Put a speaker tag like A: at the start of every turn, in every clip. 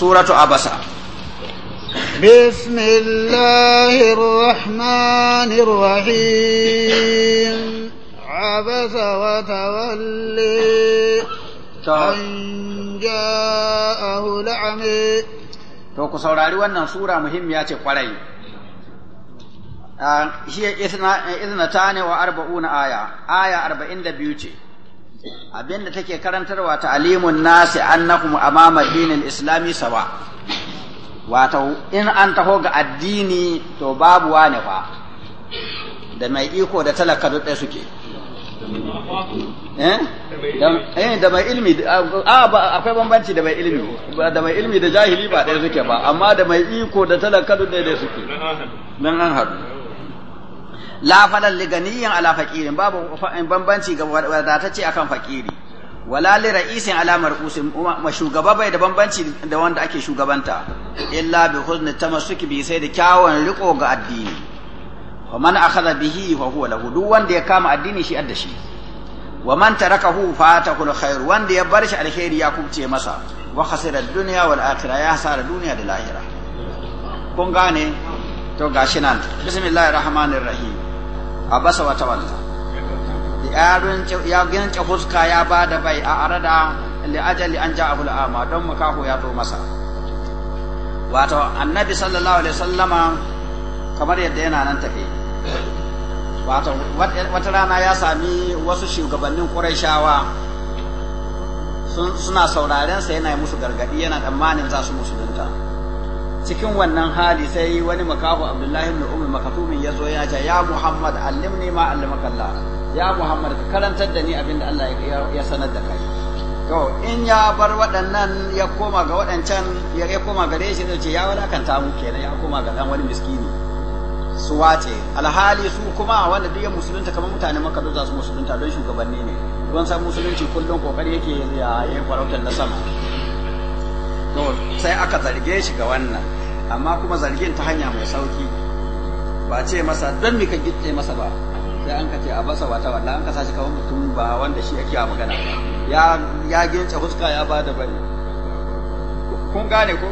A: suratu abasa بسم الله الرحمن الرحيم عبس وتولي أن جاءه
B: لعمي to ku saurari wannan sura muhimmiya ce kwarai shi ta ne wa arba'una aya aya arba'in da biyu ce abin da take karantarwa ta alimun nasi annahum amama dinil islami sawa wato in an taho ga addini to babu wane fa da mai iko da talaka duk ɗaya suke eh, eh da mai ilmi akwai bambanci da mai ilmi da mai ilmi da jahili ba ɗaya suke ba amma da mai iko da talaka duk ɗaya suke nan an haɗu Lafalan falal li ala babu bambanci ga wadatacce akan fakiri wala li ra'isin ala marqusin ma shugaba bai da bambanci da wanda ake shugabanta illa bi huzni tamassuki bi sai da kyawun riko ga addini wa man akhadha bihi fa huwa lahu duk wanda ya kama addini shi adda shi wa man tarakahu fatahu alkhair wanda ya bar shi alkhairi ya kubce masa wa khasira ad-dunya wal akhirah ya hasara duniya da lahira kun gane to gashi nan bismillahir rahmanir rahim abasa basa tawalla yaron ya ganke fuska ya da bai a arada li ajali an abu al'ama don makaho ya zo masa wato annabi sallallahu alaihi wasallama kamar yadda yana nan tafi wato wata rana ya sami wasu shugabannin qurayshawa suna sauraren sa yana musu gargadi yana tsammanin za su musulunta cikin wannan hali sai wani makafu abdullahi ibn umar makatumin ya zo ya ce ya muhammad allimni ma allamaka allah ya muhammad ka karantar da ni abinda allah ya sanar da kai to in ya bar waɗannan ya koma ga waɗancan ya koma gare shi zai ce ya walakanta mu kenan ya koma ga dan wani miskini su wace alhali su kuma wanda duk ya musulunta kamar mutanen maka za su musulunta don shugabanni ne don san musulunci kullum kokari yake ya yi farautar na sama to sai aka zarge shi ga wannan amma kuma zargin ta hanya mai sauki ba ce masa don mika gitse masa ba sai an kace a basa wata walla an kasa shi kawai mutum ba wanda shi yake magana ya ya gince huska ya bada bane kun gane ko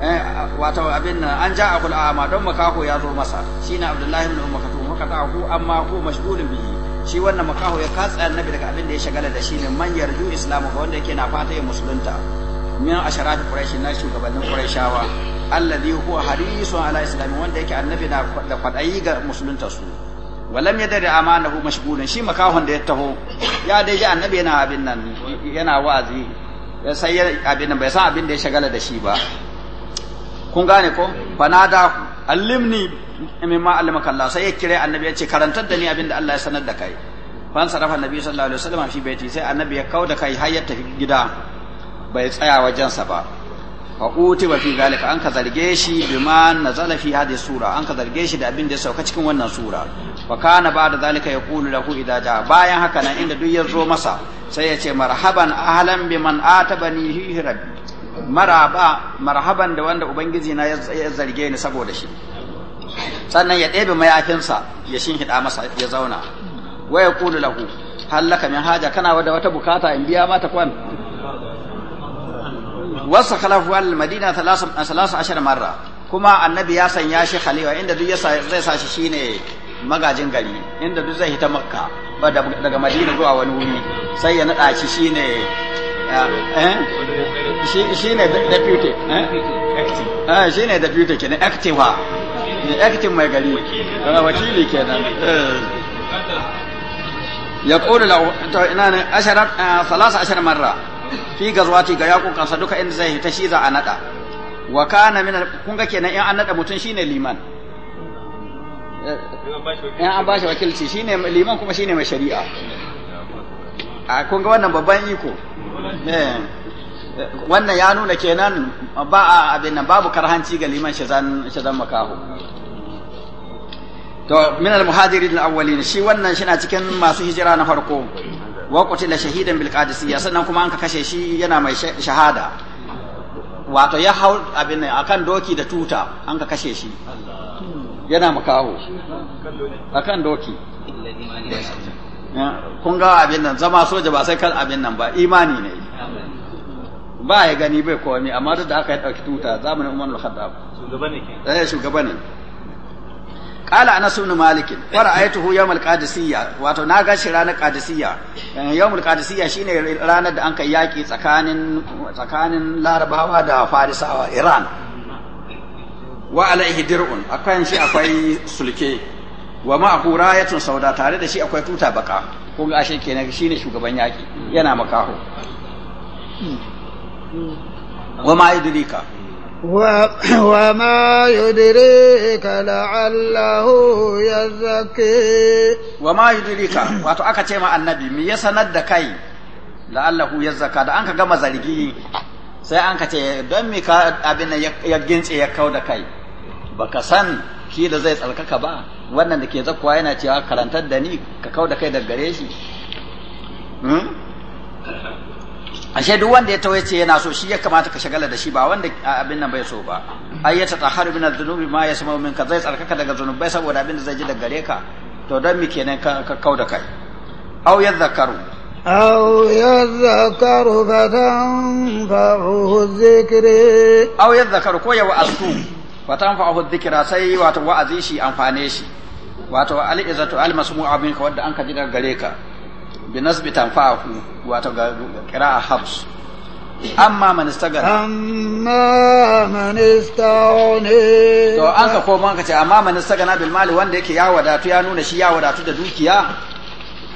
B: eh, Wata abin nan an ja'a kul ama don makaho ya zo masa shine abdullahi ibn umma katu haka ta ku amma ku mashghulun bihi shi wannan makaho ya katsa annabi daga abin da ya shagala da shi ne man yarju islamu ga wanda yake na fata ya musulunta min asharati quraish na shugabannin quraishawa alladhi huwa harisun ala islam wanda yake annabi na da kwadayi ga musulunta su walam yadri amanahu mashgulun shi makahon da ya taho ya dai ji annabi abin nan yana wazi sai abin bai san abin da ya shagala da shi ba kun gane ko fanada allimni mimma allamaka Allah sai ya kire annabi ya ce karantar da ni abin da Allah ya sanar da kai fan sarafa annabi sallallahu alaihi wasallam fi baiti sai annabi ya kauda kai har ya tafi gida bai tsaya wajensa ba fa uti ba fi zalika an ka zarge shi na nazala fi hadhihi sura an ka zarge shi da abin da ya sauka cikin wannan sura wa kana ba'da zalika ya yaqulu lahu ida ja bayan haka nan inda duk ya zo masa sai ya ce marhaban ahlan man atabani hi rabbi maraba marhaban da wanda ubangiji na ya zarge ni saboda shi sannan ya ɗebe mayafinsa ya hida masa ya zauna wa yaqulu lahu hallaka min haja kana da wata bukata in biya mata kwan wasu khalafu al madina salasu ashar marra kuma annabi ya sanya shi khalifa inda duk zai sa shi shine magajin gari inda duk zai hita makka daga madina zuwa wani wuri sai ya naɗa shi shine eh, eh, shine deputy eh, eh shine deputy kenan active active mai gari wakili kenan ya qulu la ina ne ashara 13 marra fi gazwati ga yaƙoƙansa duka inda zai hita shi za a naɗa wa kana min kun kenan in an naɗa mutum shine liman in an bashi wakilci shine liman kuma shine mai shari'a a kun ga wannan babban iko eh, wannan ya nuna kenan ba a abin babu karhanci ga liman shazan shazan makahu to min al al awwalin shi wannan shi na cikin masu hijira na farko wa qutila shahidan bil qadisiyya sannan kuma an ka kashe shi yana mai shahada wato ya hau abin akan doki da tuta an ka kashe shi yana makaho akan doki kun ga abin nan zama soja ba sai kan abin nan ba imani ne ba ya gani bai komi amma duk da aka yi ɗauki tuta zamanin umar al-khattab shugaba ne eh shugaba ne قال انس بن مالك فرأيته يوم القادسية wato na ga shi ranar qadisiyya yawmul qadisiyya shine ranar da an kai yaki tsakanin tsakanin larabawa da farisawa iran wa alaihi dir'un akan shi akwai sulke wa ma'ahu rayatun sauda tare da shi akwai tuta baka ko ga ashe kenan shine shugaban yaki yana makaho wa ma idrika
A: وما يدريك لعله يزكي وما يدريك واتو aka ce ma annabi miya sanar da
B: kai ya zaka da anka gama zargi sai anka ce don me ka abin ya gince ya kau da kai baka san ki da zai tsarkaka ba wannan da ke zakkuwa yana cewa karantar da ni ka kau da kai da gare shi ashe duk wanda ya tawaye ce yana so shi ya kamata ka shagala da shi ba wanda abin nan bai so ba ayyata ya min adh-dhunubi ma yasma'u ka zai tsarkaka daga zunubai saboda abin da zai ji daga gare ka to dan mi kenan ka da kai aw yadhakaru
A: aw yadhakaru fatan fa'uhu dhikri
B: aw yadhakaru ko ya wa'azu fatan fa'uhu dhikra sai wato wa'azi shi amfane shi wato al-izatu al-masmu'a ka wanda an ka ji daga gare ka bi nasbi tanfa'u wato ga qira'a habs amma man istagara
A: amma man istaghni to an
B: ka koma ka ce amma man istagana bil mali wanda yake ya wadatu ya nuna shi ya wadatu da dukiya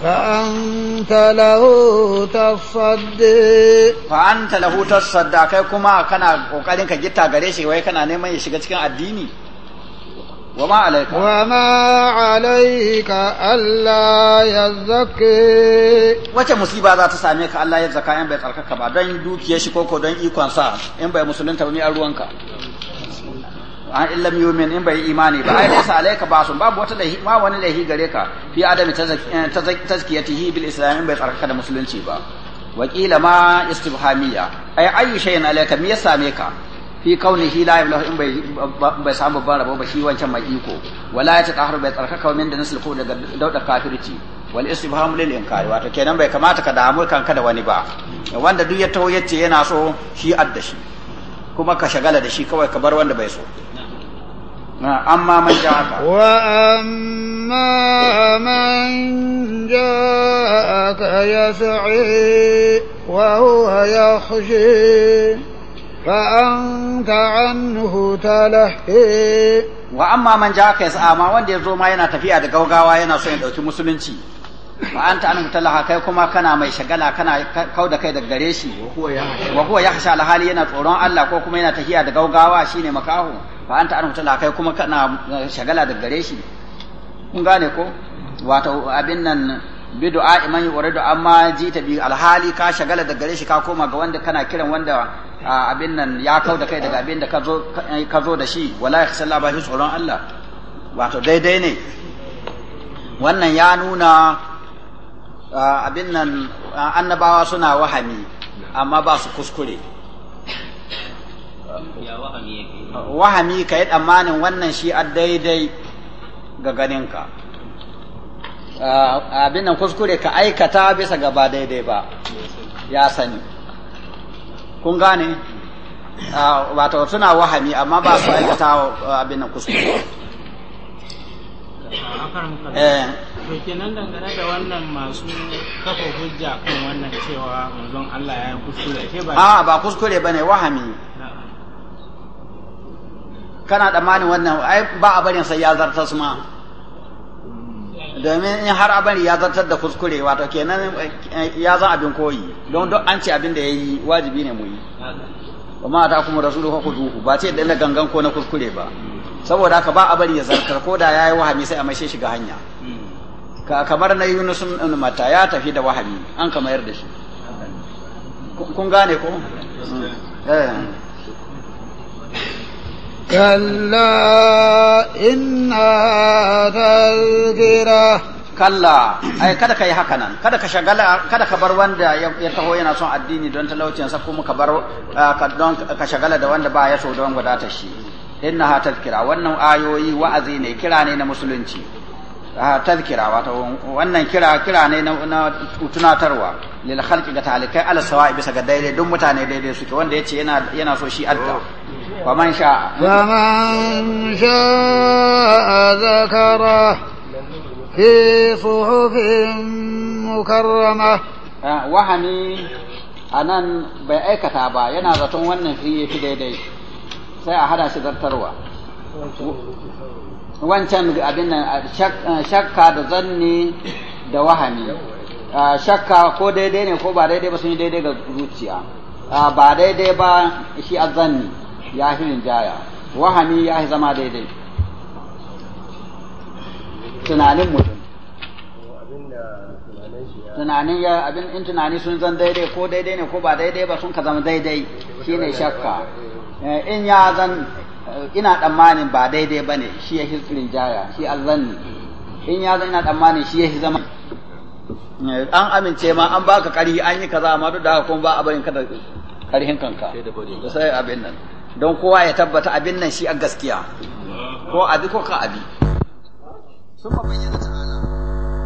A: fa anta
B: lahu tasaddi fa anta lahu tasadda kai kuma kana kokarin ka gitta gare shi wai kana neman ya shiga cikin addini وما عليك وما
A: عليك ألا يزكي
B: wace musiba za ta same ka Allah ya zaka in bai tsarkaka ba don dukiyar shi koko don ikon in bai musulunta ba an illam yumin in bai imani ba ai laysa alayka basun babu wata lahi ma wani lahi gare ka fi adami tazkiyatihi bil islam in bai tsarkaka da musulunci ba wakila ma istifhamiya ai ayyu shay'in alayka me ya same ka fi shi la yablahu in bai bai samu babban rabo ba shi wancan mai iko wala ya tatahar bai tsarkaka min da nasul ko daga daudar kafirci wal istifham lil inkari wato kenan bai kamata ka damu kanka da wani ba wanda duk ya taho yace yana so shi adda shi kuma ka shagala da shi kawai ka bar wanda bai so
A: amma man ja ka. wa amma man ya yas'i wa huwa فأنت عنه تلهي وأما من جاءك ma ما وند يزو
B: ما ينا تفيا da gaugawa yana so ya ɗauki musulunci fa anta anhu talaha kai kuma kana mai shagala kana kauda kai daga gare wa huwa yahsha alhali yana tsoron Allah ko kuma yana tafiya da gaugawa shine makaho fa anta anhu talaha kai kuma kana eh, shagala daga gare shi ko wato abin nan bi du'a iman yuridu amma jita bi alhali ka shagala da gare shi ka koma ga wanda kana kiran wanda abin nan ya kau da kai daga abin da ka zo da shi wala yakhsalla ba shi tsoron Allah wato daidai ne wannan ya nuna abin nan annabawa suna wahami amma ba su kuskure wahami ka yi tsammanin wannan shi a daidai ga ganinka Ah, abin nan kuskure ka aikata bisa gaba daidai ba ya sani kun gane ah, wato suna wahami amma ba su aikata abin nan kuskure eh. to kenan dangane da wannan masu kafa hujja kan wannan cewa manzon Allah ya kuskure ke ba a ah, ba kuskure ba ne wahami kana tsammanin wannan ai ba a barin sai ya zartas ma domin in har abin ya zartar da kuskure wato kenan eh, ya zan abin koyi don duk an ce abin da ya yi wajibi ne mu yi amma ta kuma rasulu ku ba ce da na gangan ko na kuskure ba saboda ka ba abin ya zartar ko da ya yi wahami sai a mashe shi ga hanya kamar na yunus ibn mata ya tafi da wahami an kamar
A: da shi kun gane ko eh كلا إنها
B: تذكرة kalla ai kada ka yi haka nan kada ka shagala kada ka bar wanda ya taho yana son addini don talaucinsa kuma ka bar ka shagala da wanda ba ya so don wadatar shi inna ha tazkira wannan ayoyi wa'azi ne kira ne na musulunci tazkira wato wannan kira kira ne na tunatarwa lil khalqi ga talikai ala sawa'i bisa ga daidai duk mutane daidai suke wanda yace yana yana so shi alka.
A: wa man sha wa man sha zakara fi suhufin mukarrama
B: eh, anan bai aikata ba yana zaton wannan fi daidai sai a hada shi zartarwa wancan abin nan shakka da zanni da wahani shakka ko daidai ne ko ba daidai ba sun yi daidai ga zuciya ba daidai ba shi a zanni ya fi jaya wahani ya fi zama daidai tunanin mutum tunanin ya abin in tunani sun zan daidai ko daidai ne ko ba daidai ba sun ka zama daidai shine shakka eh, in ya zan ina tsammanin ba daidai ba ne shi ya hisirin jaya shi azanni in ya zan ina tsammanin shi ya zama an amince ma an baka karhi an yi kaza amma duk da kuma ba a ka da karhin kanka sai abin nan don kowa ya tabbata abin nan shi a gaskiya ko abi ko ka abi sun ba bayyana ta'ala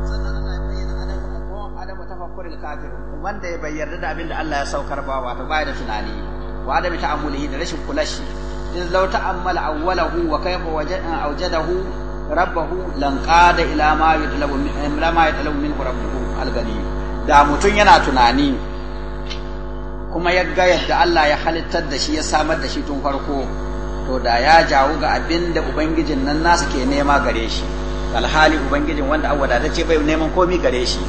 B: sannan Allah bayyana adam ko adam tafakkurin kafir wanda ya bayyana da abin da Allah ya saukar ba wato baya da tunani wa adam amuli da rashin kulashi إذ لو تأمل أوله وكيف أوجده ربه لنقاد إلى ما يطلب إلى ما يطلب منه ربه الغني da mutum yana tunani kuma ya ga yadda Allah ya halittar da shi ya samar da shi tun farko to da ya jawo ga abin da ubangijin nan nasu ke nema gare shi alhali ubangijin wanda an wadatacce bai neman komi gare shi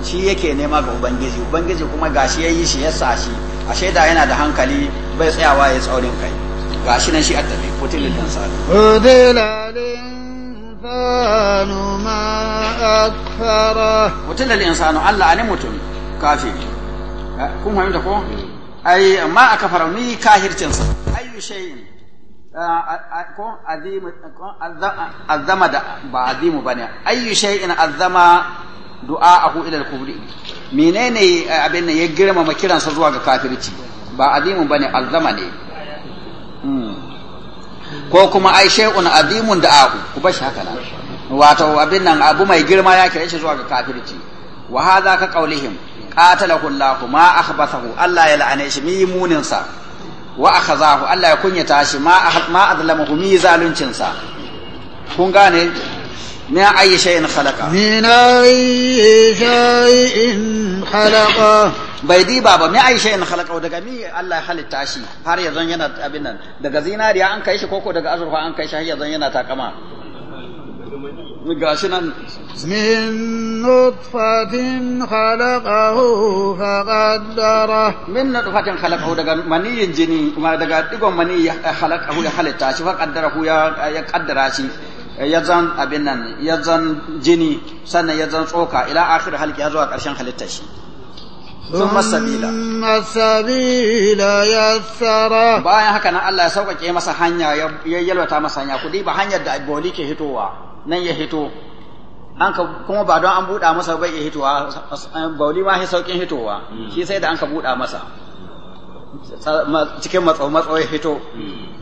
B: shi yake nema ga ubangiji ubangiji kuma gashi ya yi shi ya sa shi a shaida yana da hankali bai tsayawa ya tsaurin kai ga shi nan shi a tafi kutilin insanu
A: kutilin insanu Allah ne mutum
B: kafiri eh, kun fahimta ko ai amma aka fara ni kahircinsa ayu shay'in eh, ko azimu azama da ba azimu bane ayu shay'in azama du'a'ahu ila al-kubri menene eh, abin nan ya girmama kiransa zuwa ga kafirci ba azimu bane azama ne ko kuma ai shay'un azimun da aku ku bar shi haka nan wato abin nan abu mai girma ya kire shi zuwa ga kafirci wa hadha ka qaulihim qatalahu Allah ma akhbathahu Allah ya la'ane shi mi munin sa wa akhazahu Allah ya kunyata shi ma ma azlamahu mi zaluncin sa kun gane من أي شيء خلقه من أي شيء خلقه bai diba ba mai aisha in halaka daga mi Allah ya halitta shi har ya yanzu yana abin nan daga zinariya an kai shi koko daga azurfa an kai shi har yanzu yana takama
A: gashi nan min nutfatin khalaqahu
B: faqaddara min nutfatin khalaqahu daga maniyin jini kuma daga digon mani ya khalaqahu ya halitta shi faqaddarahu ya ya kaddara shi Eh, yazan abin nan yazan jini sannan yazan tsoka ila akhir halki a karshen halittar shi
A: ثم السبيل السبيل يسر bayan haka nan
B: Allah ya sauƙaƙe masa hanya ya yalwata masa hanya kudi ba hanyar da boli ke hitowa nan ya hito an ka kuma ba don an buɗa masa bai ya hitowa boli ma shi sauƙin hitowa hmm. shi sai da an ka buɗa masa cikin matso matso ya hito hmm.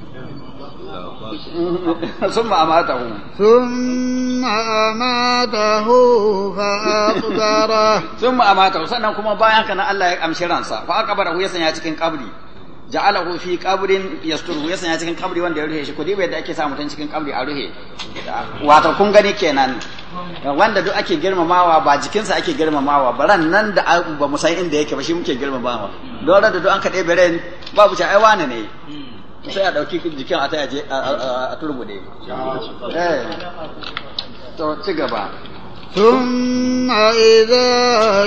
B: ثم أماته
A: ثم أماته فأقبره
B: ثم أماته sannan kuma bayan kana Allah ya amshi ransa fa aqbarahu ya sanya cikin kabri ja'alahu fi qabrin yasturuhu ya sanya cikin kabri wanda ya rufe shi kudi bai da ake sa mutun cikin kabri a rufe wato kun gani kenan wanda duk ake girmamawa ba jikinsa ake girmamawa baran nan da ba mu san inda yake ba shi muke girmamawa don da duk an kaɗe beren babu ci ai na ne sai a ɗauki jikin a taya a turbude eh. to ci gaba sun idza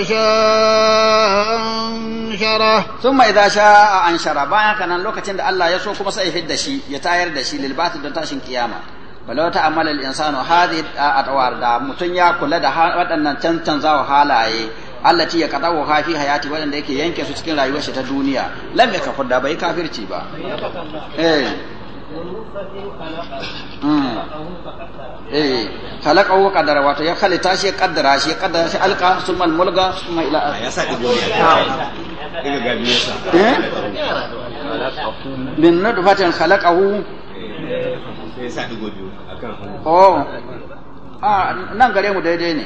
B: anshara bayan idza sha'a kanan lokacin da Allah ya so kuma sai hidda shi ya tayar da shi lil don tashin kiyama balaw ta amala al insanu hadhi atwar da mutum ya kula da waɗannan can canzawa halaye Allah ce ya kada wa fi hayati wanda yake yanke su cikin rayuwar shi ta duniya lam ya kafir da bai kafirci ba eh hmm. eh kadara wa ta wato ya khalita shi ya qaddara shi ya qaddara shi alqa sumal mulga summa ila ya sa duniya
C: daga gabiye sa eh
B: nadfatin khalaqahu
C: sai sa digo biyu akan oh
B: a ah, nan gare mu daidai ne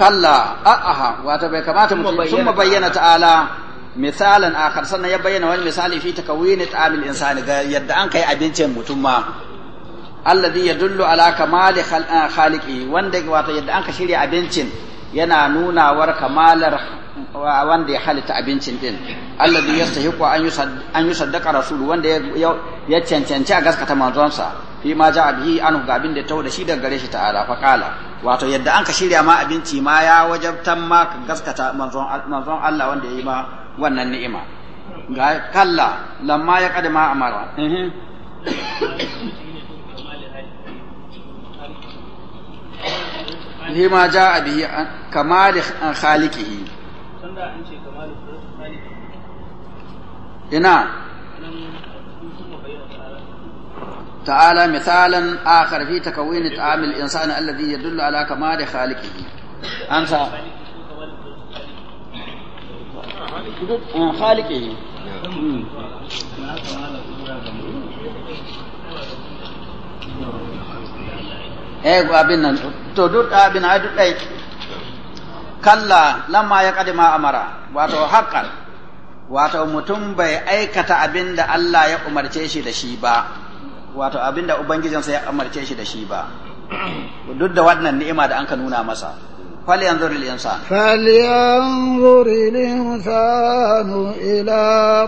A: kalla a'aha
B: wato bai kamata mutum sun bayyana ta'ala misalan akhar sannan ya bayyana wani misali fi takawini ta'amil insani ga yadda an kai abincin mutum ma alladhi yadullu ala kamali eh, khaliqi wanda wato yadda an ka shirya abincin yana nuna war kamalar wanda ya halitta abincin din alladhi yastahiqu an yusaddaqa rasul wanda ya cancanci a gaskata sa. fi ma ja bihi an ga abin da taho da shi daga gare shi ta'ala fa qala wato yadda an ka shirya ma abinci ma ya wajabtan ma ka gaskata manzon manzon Allah wanda yayi ma wannan ni'ima ga kalla lamma ya kadama amara eh ma ja bihi kamal khaliqihi ina تعالى مثالا آخر في تكوين طعام الإنسان الذي يدل على كمال خالقه
C: أنسى خالقه
B: eh abin nan abin ai duk dai kalla lamma ya kadima amara wato haqqan wato mutum bai aikata abin da Allah ya umarce shi da shi ba wato abinda ubangijinsa ya amarce shi da shi ba duk da wannan ni'ima da an ka nuna masa falyanzur al-insan
A: falyanzur al-insan ila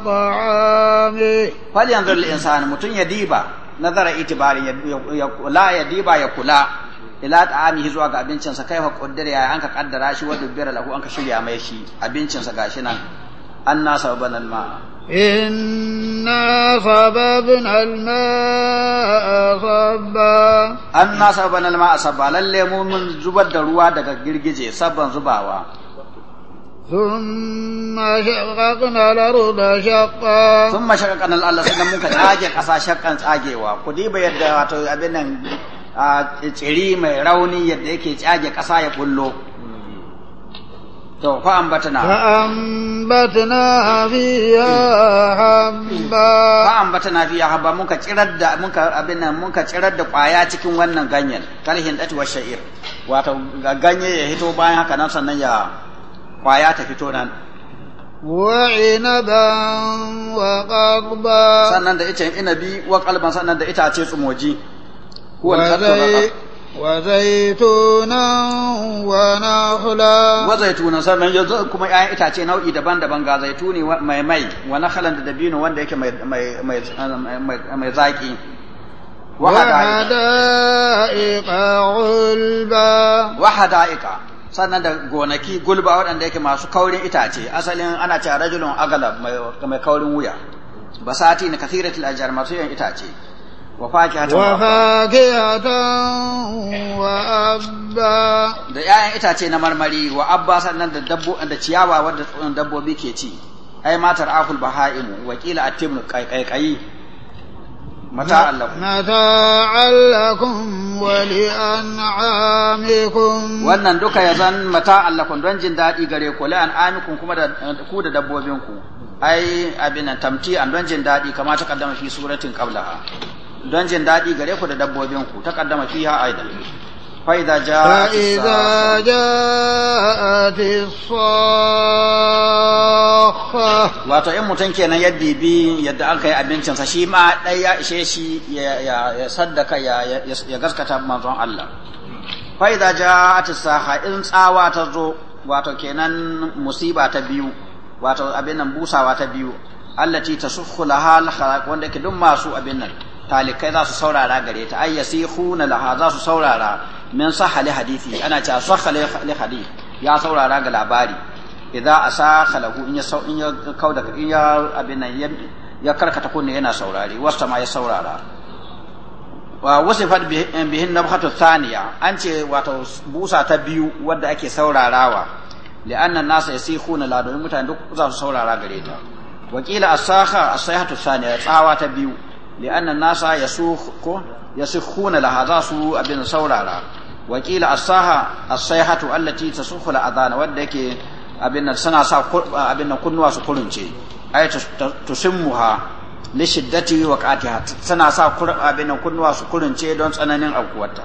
A: ta'ami falyanzur insan
B: mutun ya diba nazara itibari ya la ya diba ya kula ila ta'amihi zuwa ga abincinsa kai fa qaddara ya ka kaddara shi wa dubbira lahu ka shirya mai shi abincinsa gashi nan أنا صببنا الماء
A: إنا صببنا الماء صبا
B: أنا صببنا الماء صبا للي من زبد دروا دقا جرجي صبا زباوا
A: ثم شققنا الأرض شقا ثم شققنا الأرض sannan
B: muka tsage ƙasa shakkan tsagewa ku diba yadda wato abin nan tsiri mai rauni yadda yake tsage ƙasa ya bullo To fa ambatana Fa
A: ambatana fiha habba.
B: Fa ambatana fiha habba muka tsirar da muka abin nan muka tsirar da kwaya cikin wannan ganyen kalhin dati wa sha'ir. Wato ganye ya hito bayan haka nan sannan ya kwaya ta fito nan.
A: Wa inaban wa
B: qarba. Sannan da ita inabi wa qalban sannan da ce tsumoji. Huwa al-qadru
A: وزيتونا ونخلا وزيتونا
B: sannan yanzu kuma ƴaƴan itace nau'i daban-daban ga zaituni mai mai wa nakhalan da wanda yake mai mai mai zaki wahada'iqa gulba sannan da gonaki gulba waɗanda yake masu kaurin itace asalin ana cewa rajulun agalab mai kaurin wuya basati na kathiratul ajjar masu yan itace وفاكهة
A: وفاكهة وأبا
B: da ‘ya'yan itace na marmari wa abba sannan da dabbo da ciyawa wadda dabbobi ke ci ai matar akul baha'imu wakila atimnu kaikayi mata Allah.
A: mata allakum wa li an'amikum
B: wannan duka ya zan mata allakum don jin daɗi gare ku li amikun kuma da ku da dabbobinku ai abin tamti an don jin daɗi kamar ta kaddama fi suratin qablaha don jin daɗi gare ku da dabbobin ta takaddama fiha
A: aidan فإذا جاءت فإذا جاءت الصاخة
B: wato in mutum kenan ya dibi yadda aka yi abincinsa shi ma ɗaya ya ishe shi ya sadaka ya gaskata manzon Allah fa'iza ja'at saha in tsawa ta zo wato kenan musiba ta biyu wato abin nan busawa ta biyu allati ta laha al wanda ke duk masu abin nan talikai za su saurara gare ta ay yasihuna laha za su saurara min sahali hadisi ana cewa sahali hadisi ya saurara ga labari idza asakha lahu in ya in ya in ya abin ya karkata kunne yana saurari wasta ma ya saurara wa wasu wasifat bihin nabhatu thaniya an ce wato busa ta biyu wadda ake saurarawa li'anna nasa yasikhuna la domin mutane duk za su saurara gare ta wakila asaha asayhatu thaniya tsawa ta biyu li'anna nasa yasukhu yasikhuna laha za su abin saurara wakila asaha asaihatu allati tasukhu al'adana wanda yake abin nan suna sa abin nan kunnuwa su kurunce ay tusimmuha li shiddati wa qatiha suna sa abin nan kunnuwa su kurunce don tsananin aukuwarta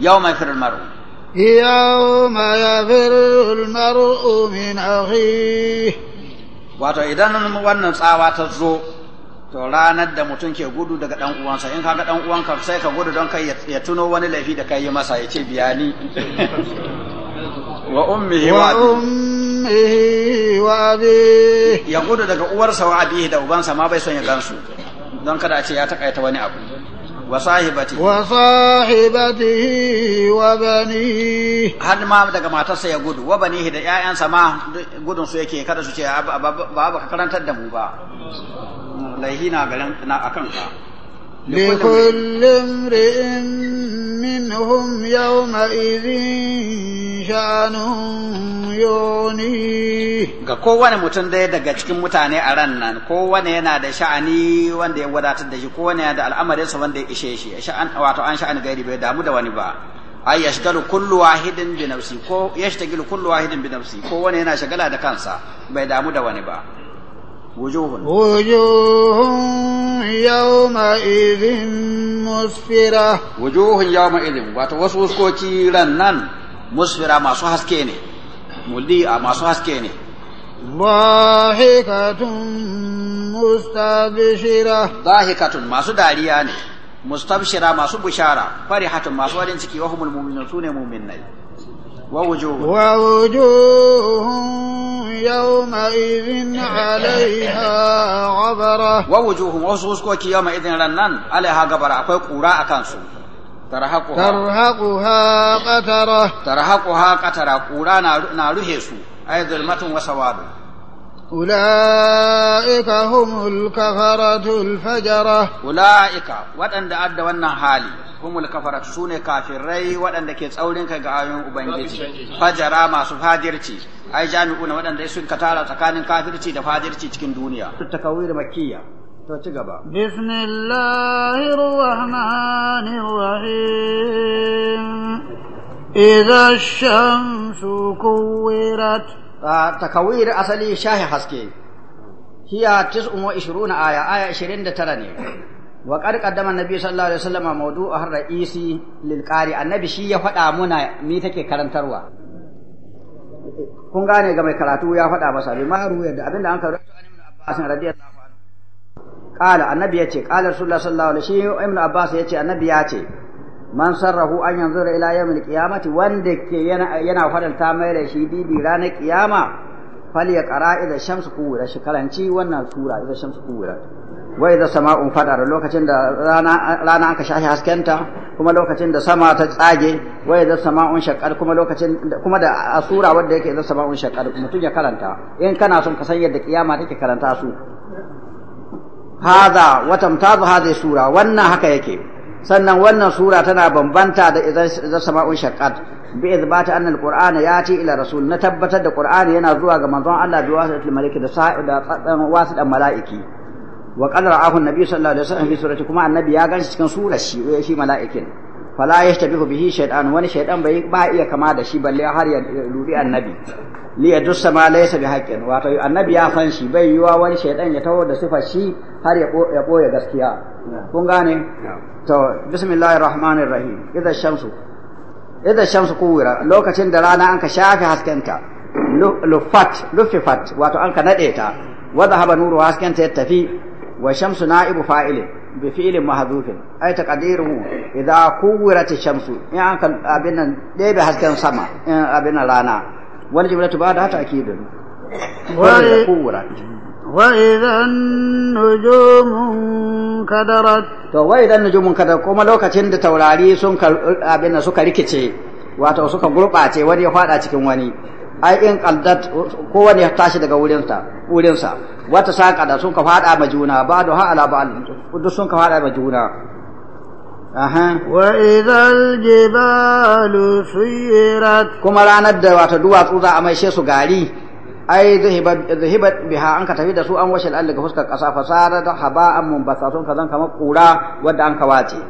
B: yawma firul mar'u
A: يوم يفر المرء من أخيه wato idan wannan tsawa ta
B: zo to ranar da mutum ke gudu daga dan uwansa in kaga dan uwanka sai ka gudu don kai ya tuno wani laifi da kai yi masa ya ce biya ni wa ummihi wa
A: ummihi wa abi
B: ya gudu daga uwarsa wa abihi da ubansa ma bai son ya gansu don kada a ce ya takaita wani abu وصاحبته وصاحبته وبنيه ma daga matarsa ya gudu wa banihi da ƴaƴansa ma gudun su yake kada su ce ba ba ka karantar da mu ba laihi na garin na akan ka
A: لكل امرئ منهم يومئذ شأن يغنيه
B: ga kowane mutum ɗaya daga cikin mutane a ran nan kowane yana da sha'ani wanda ya wadatar da shi kowane yana da al'amarinsa wanda ya ishe shi sha'an wato an sha'ani gairi bai damu da wani ba ai yashgalu kullu wahidin bi nafsi ko yashtagilu kullu wahidin bi nafsi kowane yana shagala da kansa bai damu da wani ba
A: وجوه وجوه يومئذ مسفرة
B: وجوه يومئذ واتوسوس كوتي رنان مسفرة ما سو كيني مولي ما سو كيني
A: ضاحكة
B: مستبشرة ضاحكة ما سو داريا ne mustabshira masu bishara farihatun masu warin ciki wa humul mu'minun sune
A: ووجوه ووجوه يومئذ عليها
B: غبرة ووجوه وسوسكوك يومئذ رنان عليها غبرة أكوي قراء كانسو ترهقها
A: ترهقها
B: قترة ترهقها قترة قراء نارهسو أي ظلمة وسواد
A: أولئك هم الكفرة الفجرة
B: أولئك وأن أدى حالي humul kafarat sune kafirai waɗanda ke tsaurin kai ga ayoyin ubangiji fajara masu fadirci ai jami'una waɗanda sun katara tsakanin kafirci da fadirci cikin duniya takawir makkiya to ci gaba
A: bismillahir rahmanir rahim idza shamsu kuwirat
B: ah, takawir asali shahi haske hiya 29 aya aya 29 ne Waƙar ƙaddamar qaddama annabi sallallahu alaihi wasallam mawdu'ar ra'isi lil qari annabi shi ya faɗa muna ni take karantarwa kun gane ga mai karatu ya faɗa masa bi maharu yadda abinda an karanta an ibn abbas radiyallahu anhu qala annabi yace qala rasulullah sallallahu alaihi wasallam ibn abbas yace annabi yace man sarrahu an yanzu ila yawmil qiyamati wanda ke yana yana faranta mai da shi didi, ranar kiyama fal ya qara ida shamsu kuwira shi karanci wannan sura ida shamsu kuwira wai da sama'un fadar lokacin da rana aka shahi haskenta kuma lokacin da sama ta tsage wai da sama'un shakar kuma lokacin kuma da asura wanda yake da sama'un shakar mutum ya karanta in kana son ka san yadda kiyama take karanta su hada wa tamtazu hadhihi sura wannan haka yake sannan wannan sura tana bambanta da idan sama'un shakar bi izbata anna alqur'ana yati ila rasul na tabbatar da qur'ani yana zuwa ga manzon Allah bi wasitil malaiki da sa'i da wasu dan mala'iki wa qad ra'ahu an-nabi sallallahu alaihi wasallam fi surati kuma annabi ya ganshi cikin surar shi eh, shi mala'ikin fala yashtabihu bihi shay'an wani shay'an bai ba iya kama da shi balle har ya ludi annabi li yadussa ma laysa bi haqqin wato annabi ya fanshi shi bai yiwa wani shay'an ya taho da sifar shi har ya boye gaskiya kun gane to bismillahir rahmanir rahim idza shamsu idza shamsu kuwira lokacin da rana an ka shafe haskenta lufat lufifat wato an ka nade ta wa dhahaba nuru haskenta ya tafi wa shamsu na'ibu fa'ilin bi fi'ilin mahdhufin ay taqdiruhu idza kuwirat ash-shamsu in an abin nan dai hasken sama abin nan rana wani jumlatu ba da ta'kidin wa kuwirat
A: wa idan
B: nujumun kadarat to wa idan kuma lokacin da taurari sun abin nan suka rikice wato suka gurbace wani ya fada cikin wani ai in ya tashi daga wurinsa wata saƙa da sun ka faɗa ma juna ba da ha ala ba'al duk sun ka faɗa ma juna wa idan jibalu suyirat kuma ranar da wata duwatsu za a maishe su gari ai zahibat biha an ka tafi da su an washe al'alla ga fuskar ƙasa fasara da haba an mumbasa sun ka zan kamar ƙura wadda an kawace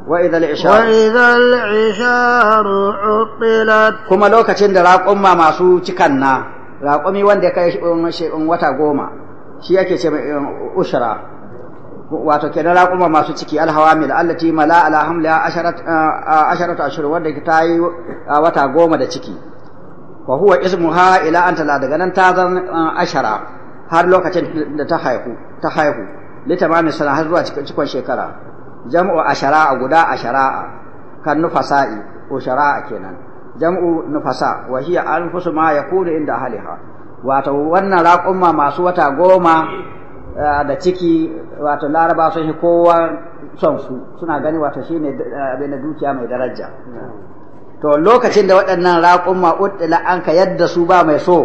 B: وإذا العشار وإذا العشار عطلت كما لو كتشن دراك أمة ما سو تكنا raƙumi wanda ya kai um, um, wata goma shi yake ce um, ushara wato ke na raƙuma masu ciki alhawamil allati mala ala hamla uh, uh, asharatu ashhur wanda ta yi uh, wata goma da ciki wa huwa ismuha ila an tala daga nan ta zan ashara har lokacin da ta haihu ta haihu litamami sana har zuwa cikon shekara jam'u ashara guda ashara kan nufasa'i ushara kenan jam'u nufasa wa hiya anfusu ma yakunu inda ahliha wato wannan raƙumma masu wata goma eh, da ciki wato laraba sun shi kowa son su suna gani wato shine eh, abin da dukiya mai daraja to lokacin da waɗannan raƙumma an ka yadda su ba mai so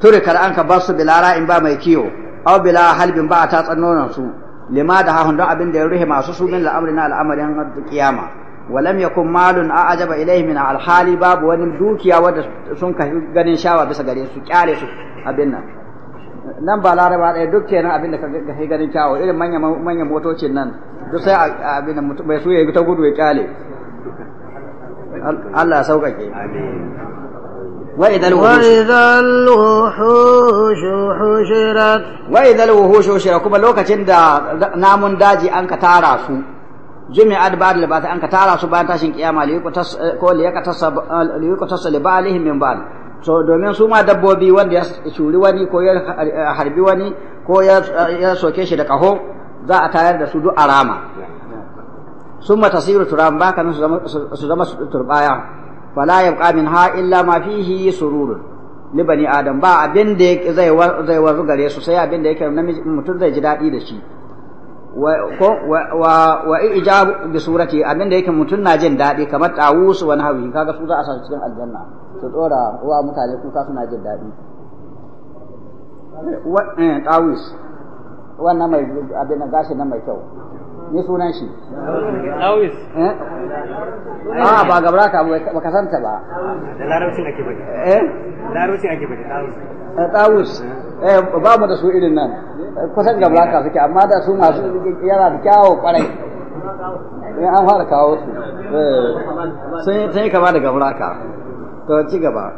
B: turikar ba su bilara in ba mai kiyo aw bila halbin ba a tatsan nonon lima da hahun don abin da ya ruhe masu su min al'amarin al'amarin kiyama ولم يكن مال a ajaba من الحال alhali babu wani dukiya wadda sun ka ganin shawa bisa gare su su nan nan ba laraba ɗaya duk kenan abin da ka ganin kyawo irin manya motocin nan duk sai abin da mai su ya ta gudu ya kyale Allah sauƙaƙe الوحوش Wa حشرت وإذا الوحوش حشرت كما da namun نامون داجي ka tara su. Jumi ba'd al ba'd an ka tara su bayan tashin kiyama liyu yuqtas ko li yuqtas so domin su ma dabbobi wanda ya shuri wani ko ya harbi wani ko ya soke shi da kaho za a tayar da su duk arama sun mata siru turam ba kanin su zama turbaya fala yabqa ha illa ma fihi sururun ni bani adam ba abin da zai warzu gare su sai abin da yake mutum zai ji daɗi da shi wa ijab bi surati abin da yake mutun na jin daɗi kamar tawus wani hawi kaga su za a sasu cikin aljanna su tsora wa mutane kuka suna jin daɗi eh, tawus wannan mai abin da gashi nan mai kyau ni sunan shi tawus eh? a ba gabra ka ba ka santa ba da larabci nake bari eh
C: larabci ake bari tawus
B: eh, tawus eh ba mu da su irin nan kusan ga blaka suke amma da su masu yana da kyawo kwarai
C: in an fara kawo su eh, sai sai kama da gabraka
B: to ci gaba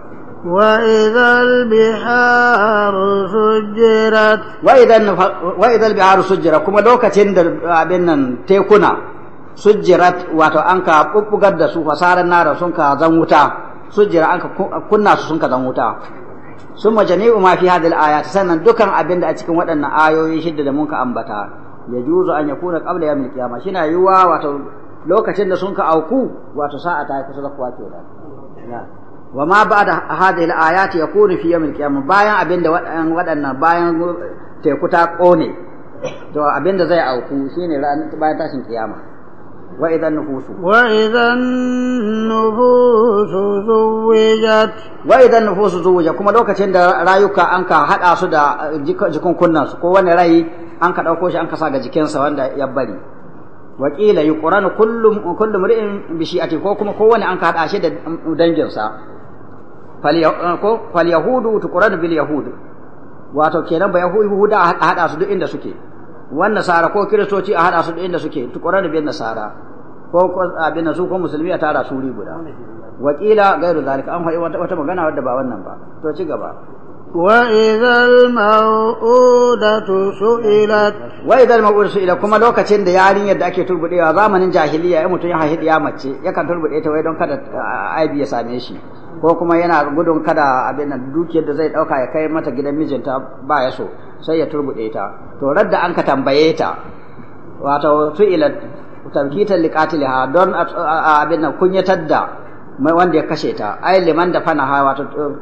A: wa idal biharu sujirat wa idan wa
B: idal biharu kuma lokacin da abin nan tekuna sujirat wato an ka bubbugar da su fasaran nara sun ka zan wuta sujira an ka kunna su sun ka zan wuta summa jami'u ma fi hadhihi al-ayat sannan dukan abin da a cikin waɗannan ayoyi shidda da mun ka ambata ya juzu an yakuna qabla yawmil qiyamah shina yiwa wato lokacin da sun ka auku wato sa'a ta kusa da kuwa kenan wa ma ba ba'da hadhihi al-ayat yakunu fi yawmil qiyamah bayan abin da waɗannan bayan teku ta kone to abin da zai auku shine bayan tashin kiyama وإذا النفوس وإذا
A: النفوس زوجت وإذا النفوس
B: زوجت كما لو كتشين دا رايوكا أنكا حد أسودا جكون كنا كوان راي أنكا دوكوش أنكا ساقا جكين سوان دا يبالي وقيل يقران كل كل امرئ بشيئته ko kuma kowane an ka hada shi da danginsa fal yahudu tuqran bil yahud wato kenan ba yahudu a hada Wan nasara ko kiristoci a hada su da inda suke tukurar bin nasara ko abin su ko musulmi a tara suri guda wakila gairu zalika an faɗi wata magana wadda ba wannan ba to ci gaba وإذا الموءودة سئلت وإذا الموءودة سئلت كما لوكacin da yarinyar da ake turbudewa zamanin jahiliya ya mutum ya haihi ya mace yakan turbude ta wai don kada aibi ya same shi ko kuma yana gudun kada abin nan dukiyar da zai dauka ya kai mata gidan mijinta ba ya so sai ya turbude ta to radda an ka tambaye ta wato ila tamkita liqatiliha don abin nan kunyatar da wanda ya kashe ta ai liman da fana ha wato uh,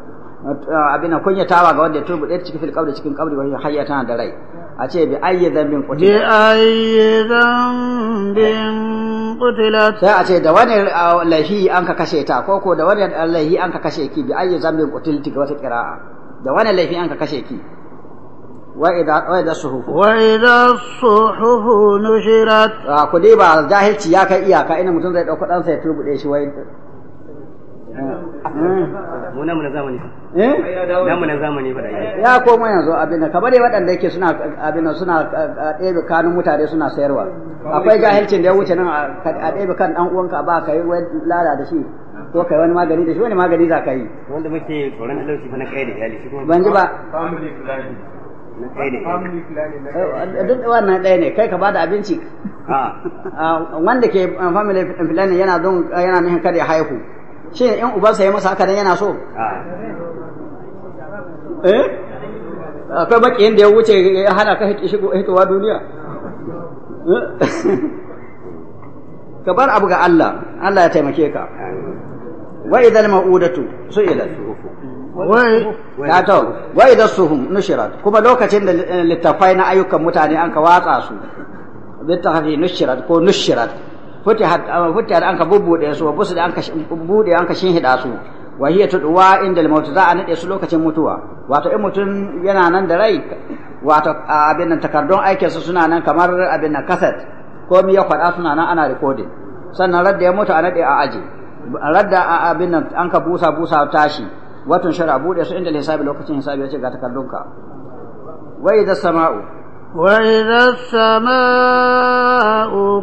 B: uh, abin nan kunyatawa ga wanda ya turbude ta cikin kabri cikin kabri wani hayyata da rai a ce bi ayyi zambin kutila bi ayyi zambin kutila sai a ce da wani laifi an ka kashe ta ko ko da wani laifi an ka kashe ki bi ayyi zambin kutilti ga wata qira'a da wani laifi an ka kashe ki wa idza wa idza suhuf wa idza suhuf nushirat ku dai ba jahilci ya kai iyaka ina mutum zai dauko dan sai turbude shi wai Hmm. mu namu na zamani eh namu na zamani fa ya koma yanzu abin da kamar waɗanda yake suna abin suna eh, ɗebe kanun mutane suna sayarwa akwai jahilcin da ya wuce nan a ɗebe kan ɗan uwanka ba ka yi lada da shi ko kai wani magani da shi wani magani za ka yi wanda muke tsoron talauci fa na kai da iyali shi kuma ban ji ba
C: family planning eh, duk
B: wannan ɗaya ne kai ka bada abinci ah. Ah, wanda ke eh, family planning yana nuhin kada ya haihu shi in ubansa ya masa haka dan yana so ah. eh akwai baki da ya wuce ya hana ka hitowa duniya eh? ka bar abu ga Allah Allah ya taimake ka wa idal ma'udatu su ta to wa idal suhum nushirat kuma lokacin da littafai na ayyukan mutane an ka watsa su littafai nushirat ko nushirat futihar ah, an ka bubbuɗe su wa busu da an ka buɗe an ka shinhiɗa su wa hiya tudwa inda al-maut za a nade su lokacin mutuwa wato in mutum yana nan da rai wato ah, abin nan takardun aikin su suna nan kamar abin nan kaset ko mi ya faɗa suna nan ana recording sannan radda ya mutu a nade a aji radda a ah, abin nan an ka busa busa tashi watan shara bude su inda hisabi lokacin hisabi ya ce ga takardunka wai da sama'u وإذا السماء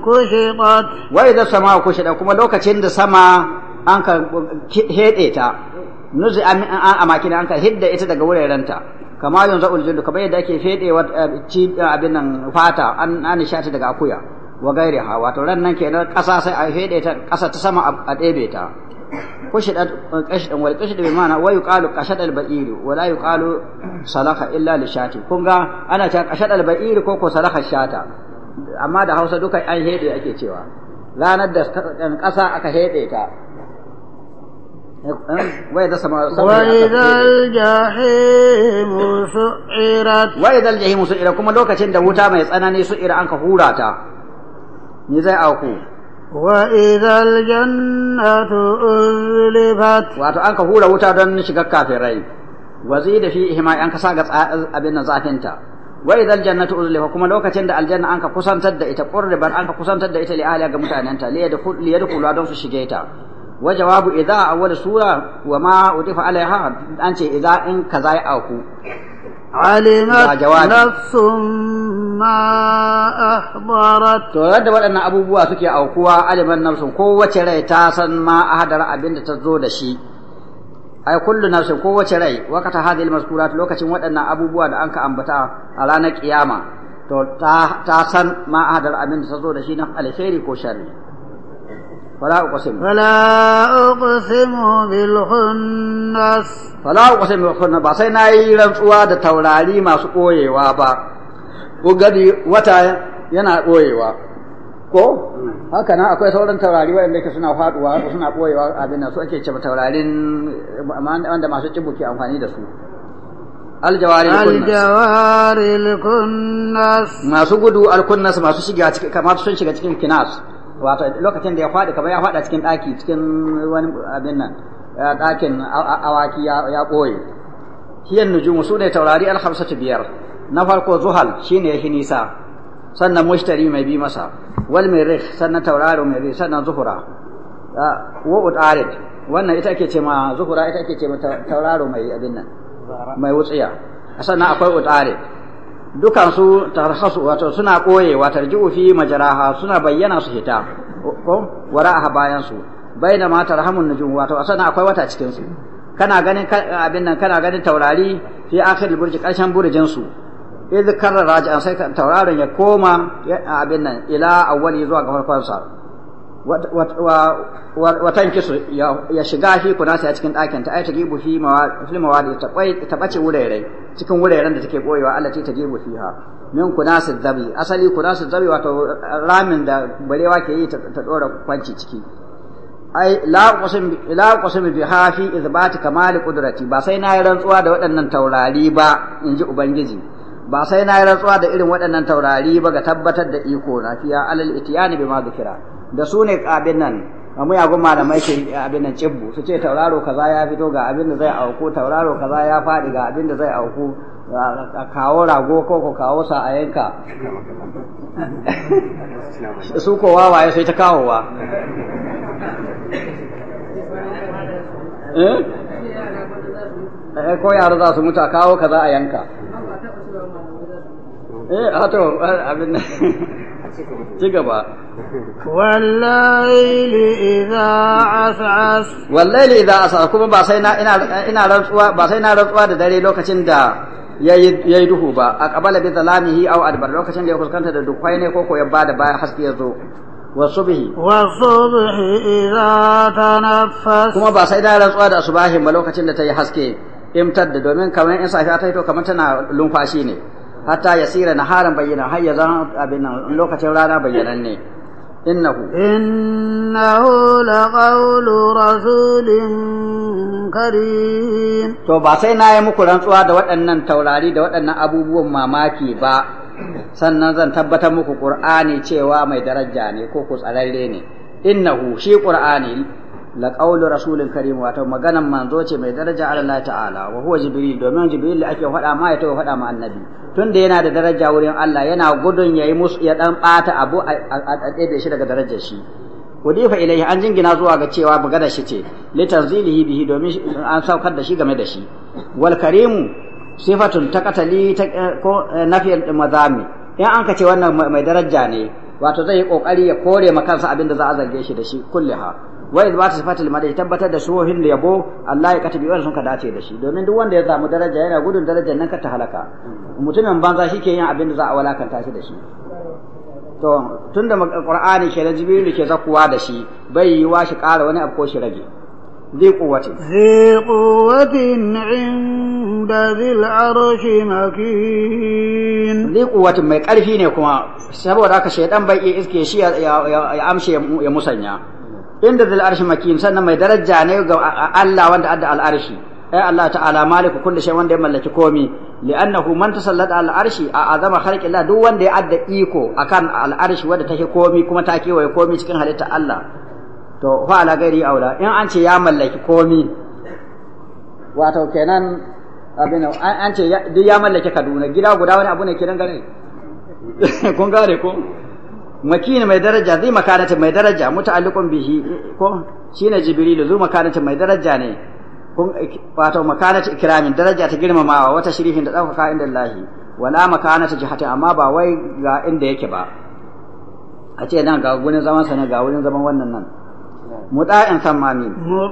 B: كشطت وإذا السماء كشطت كما لو كتشند سما أنك هيدئتا nuzi a makina an ka hidda ita daga wurarenta kama yanzu uljudu kamar yadda ake fede abin nan fata an an daga akuya wa gairiha wato ran nan kenan kasa sai a fede ta kasa ta sama a ɗebe ta kushidat qashidan wal qashid bi ma'ana wa yuqalu qashad al ba'ir wa la salaka illa li shati ana cewa qashad al ba'ir ko ko salaka shata amma da Hausa duka an hede ake cewa ranar da ƙasa aka hede ta وإذا السماء وإذا الجحيم سعرت وإذا الجحيم سعرت كما لوكا تشند وتا ما يسأناني أنك هوراتا نزاي أوكو
A: وإذا
B: الجنة أزلفت واتو أنك هورا وتا دن شغا كافرين وزيد فيهما أنك ساقت أبن زافنتا وإذا الجنة أزلفت كما لو كتند الجنة أنك قسان تد إتا قربا أنك قسان تد إتا لأهلها كمتاننتا ليدخلوا في شغيتا وجواب إذا أول سورة وما أضيف عليها أنت إذا إن كذا أوكو alimat nafsun ma ahdarat to yadda waɗannan abubuwa suke aukuwa aliman nafsun kowace rai ta san ma ahdara abinda ta zo da shi ai kullu nafsin kowace rai wakata hadhihi almazkurat lokacin waɗannan abubuwa da anka ambata a ranar kiyama ta san ma ahdara abinda ta zo da shi na alheri ko shari. فلا أقسم فلا
A: أقسم بالخنس
B: فلا أقسم بالخنس ba sai na تولالي rantsuwa da taurari masu ɓoyewa ba قوي gadi wata yana ko haka nan akwai sauran taurari wanda yake suna faduwa suna koyewa abin su ake cewa taurarin wanda masu cibu ke amfani da su aljawari
A: alkunnas
B: masu gudu alkunnas masu shiga cikin kamar sun shiga cikin kinas wato lokacin da ya faɗi kamar ya faɗa cikin ɗaki cikin wani abin nan ɗakin awaki ya ɓoye hiyan nujumu su ne taurari alhamsatu biyar na farko zuhal shine ya nisa sannan mushtari mai bi masa wal mirih sannan taurari mai bi sannan zuhura wa utarid wannan ita ake ce ma zuhura ita ake ce ma tauraro mai abin nan mai wutsiya sannan akwai utarid dukan su tarhasu wato suna koye, wa tarji'u fi majaraha suna bayyana su hita ko wara'aha bayan su baina ma tarhamun najum wato a sana akwai wata cikin su kana ganin abin nan kana ganin taurari fi akhiril burji karshen burjin su idh karra raji'an sai tauraron ya koma abin nan ila awwali zuwa ga farkon sa watan kisu ya shiga fi kunasa cikin ɗakin ta ai ta gibu fi mawadi ta bace wurare cikin wuraren da take boyewa Allah ce ta jebu fiha min kunasir zabi asali kunasir zabi wato ramin da barewa ke yi ta dora kwanci ciki ai la qasim la qasim bi hafi izbati kamal qudrati ba sai na rantsuwa da waɗannan taurari ba inji ubangiji ba sai na rantsuwa da irin waɗannan taurari ba ga tabbatar da iko na fiya alal itiyani bima zikira da sune ne kabin nan mu ya goma da mai abin nan cibbu su ce tauraro kaza ya fito ga abin da zai auku tauraro kaza ya faɗi ga abin da zai auku a kawo rago ko ko kawo sa a yanka
A: su ko ya sai ta kawowa eh, eh
B: ko yaro za su mutu a kawo kaza a yanka
C: eh hato abin
B: nan cigaba wallahi
A: idza as'as
B: wallahi idza as'as kuma ba sai na ina ina rantsuwa ba sai na rantsuwa da dare lokacin da yayi duhu ba a qabala bi zalamihi aw adbar lokacin da ya kuskanta da dukwai ne ko ko ya bada baya haske ya zo والصبح والصبح إذا Kuma ba sai na rantsuwa da subahin ba lokacin da ta yi haske imtar da domin kamar in safiya ta to kamar tana lumfashi ne hatta yasira haram bayyana har ya zan abin nan lokacin rana bayyanan ne innahu
A: innahu qawlu rasulin karim
B: to ba sai na yi muku rantsuwa da waɗannan taurari da waɗannan abubuwan mamaki ba sannan zan tabbatar muku qur'ani cewa mai daraja ne ko ku tsararre ne innahu shi qur'ani la qawlu rasulin karim wato maganan manzo ce mai daraja Allah ta'ala wa huwa jibril domin jibril da ake faɗa ma ya tawo faɗa ma annabi tunda yana da daraja wurin Allah yana gudun yayi musu ya dan bata abu a da shi daga darajar shi wadifa ilaihi an jingina zuwa ga cewa magana shi ce li tanzilihi bihi domin an saukar da shi game da shi wal karim sifatun takatali eh, ko eh, nafiyal mazami in an ka ce wannan mai daraja ne wato zai yi kokari ya kore ma kansa abin da za a zarge shi da shi kulliha wa iz bata sifatul madai tabbatar da suwohin yabo Allah ya katabi wannan sun ka dace da shi domin duk wanda ya samu daraja yana gudun darajar nan ka ta halaka mutumin banza shi ke yin abin da za a walakanta shi da shi to tunda qur'ani shi da jibril ke zakuwa da shi bai yi wa shi ƙara wani abu ko shi rage ذي قوة ذي قوة عند ذي العرش مكين ذي قوة ما يقال فيني كما سبب ذاك الشيطان بي إذكي شيء يا أمشي يا مسنيا inda zil arshi makin sannan mai daraja ne ga Allah wanda adda al arshi ai Allah ta'ala maliku kulli shay wanda ya mallaki komi li'annahu man tasallata al arshi a azama khalqillah duk wanda ya adda iko akan al arshi wanda take komi kuma ta kewaye komi cikin halitta Allah to fa ala gairi aula in an ce ya mallaki komi wato kenan abin an ce duk ya mallaki Kaduna gida guda wani abu ne kiran gare kun gare ko makina mai daraja zai makanata mai daraja muta'alliqun bihi ko shine jibrilu zu makanata mai daraja ne kun wato makanata ikramin daraja ta girmamawa wata shirihin da dauka inda Allah wala makanata jihati amma ba wai ga inda yake ba a ce nan ga gunin zaman sana ga wurin zaman wannan nan مطاع ثم أمين مطاع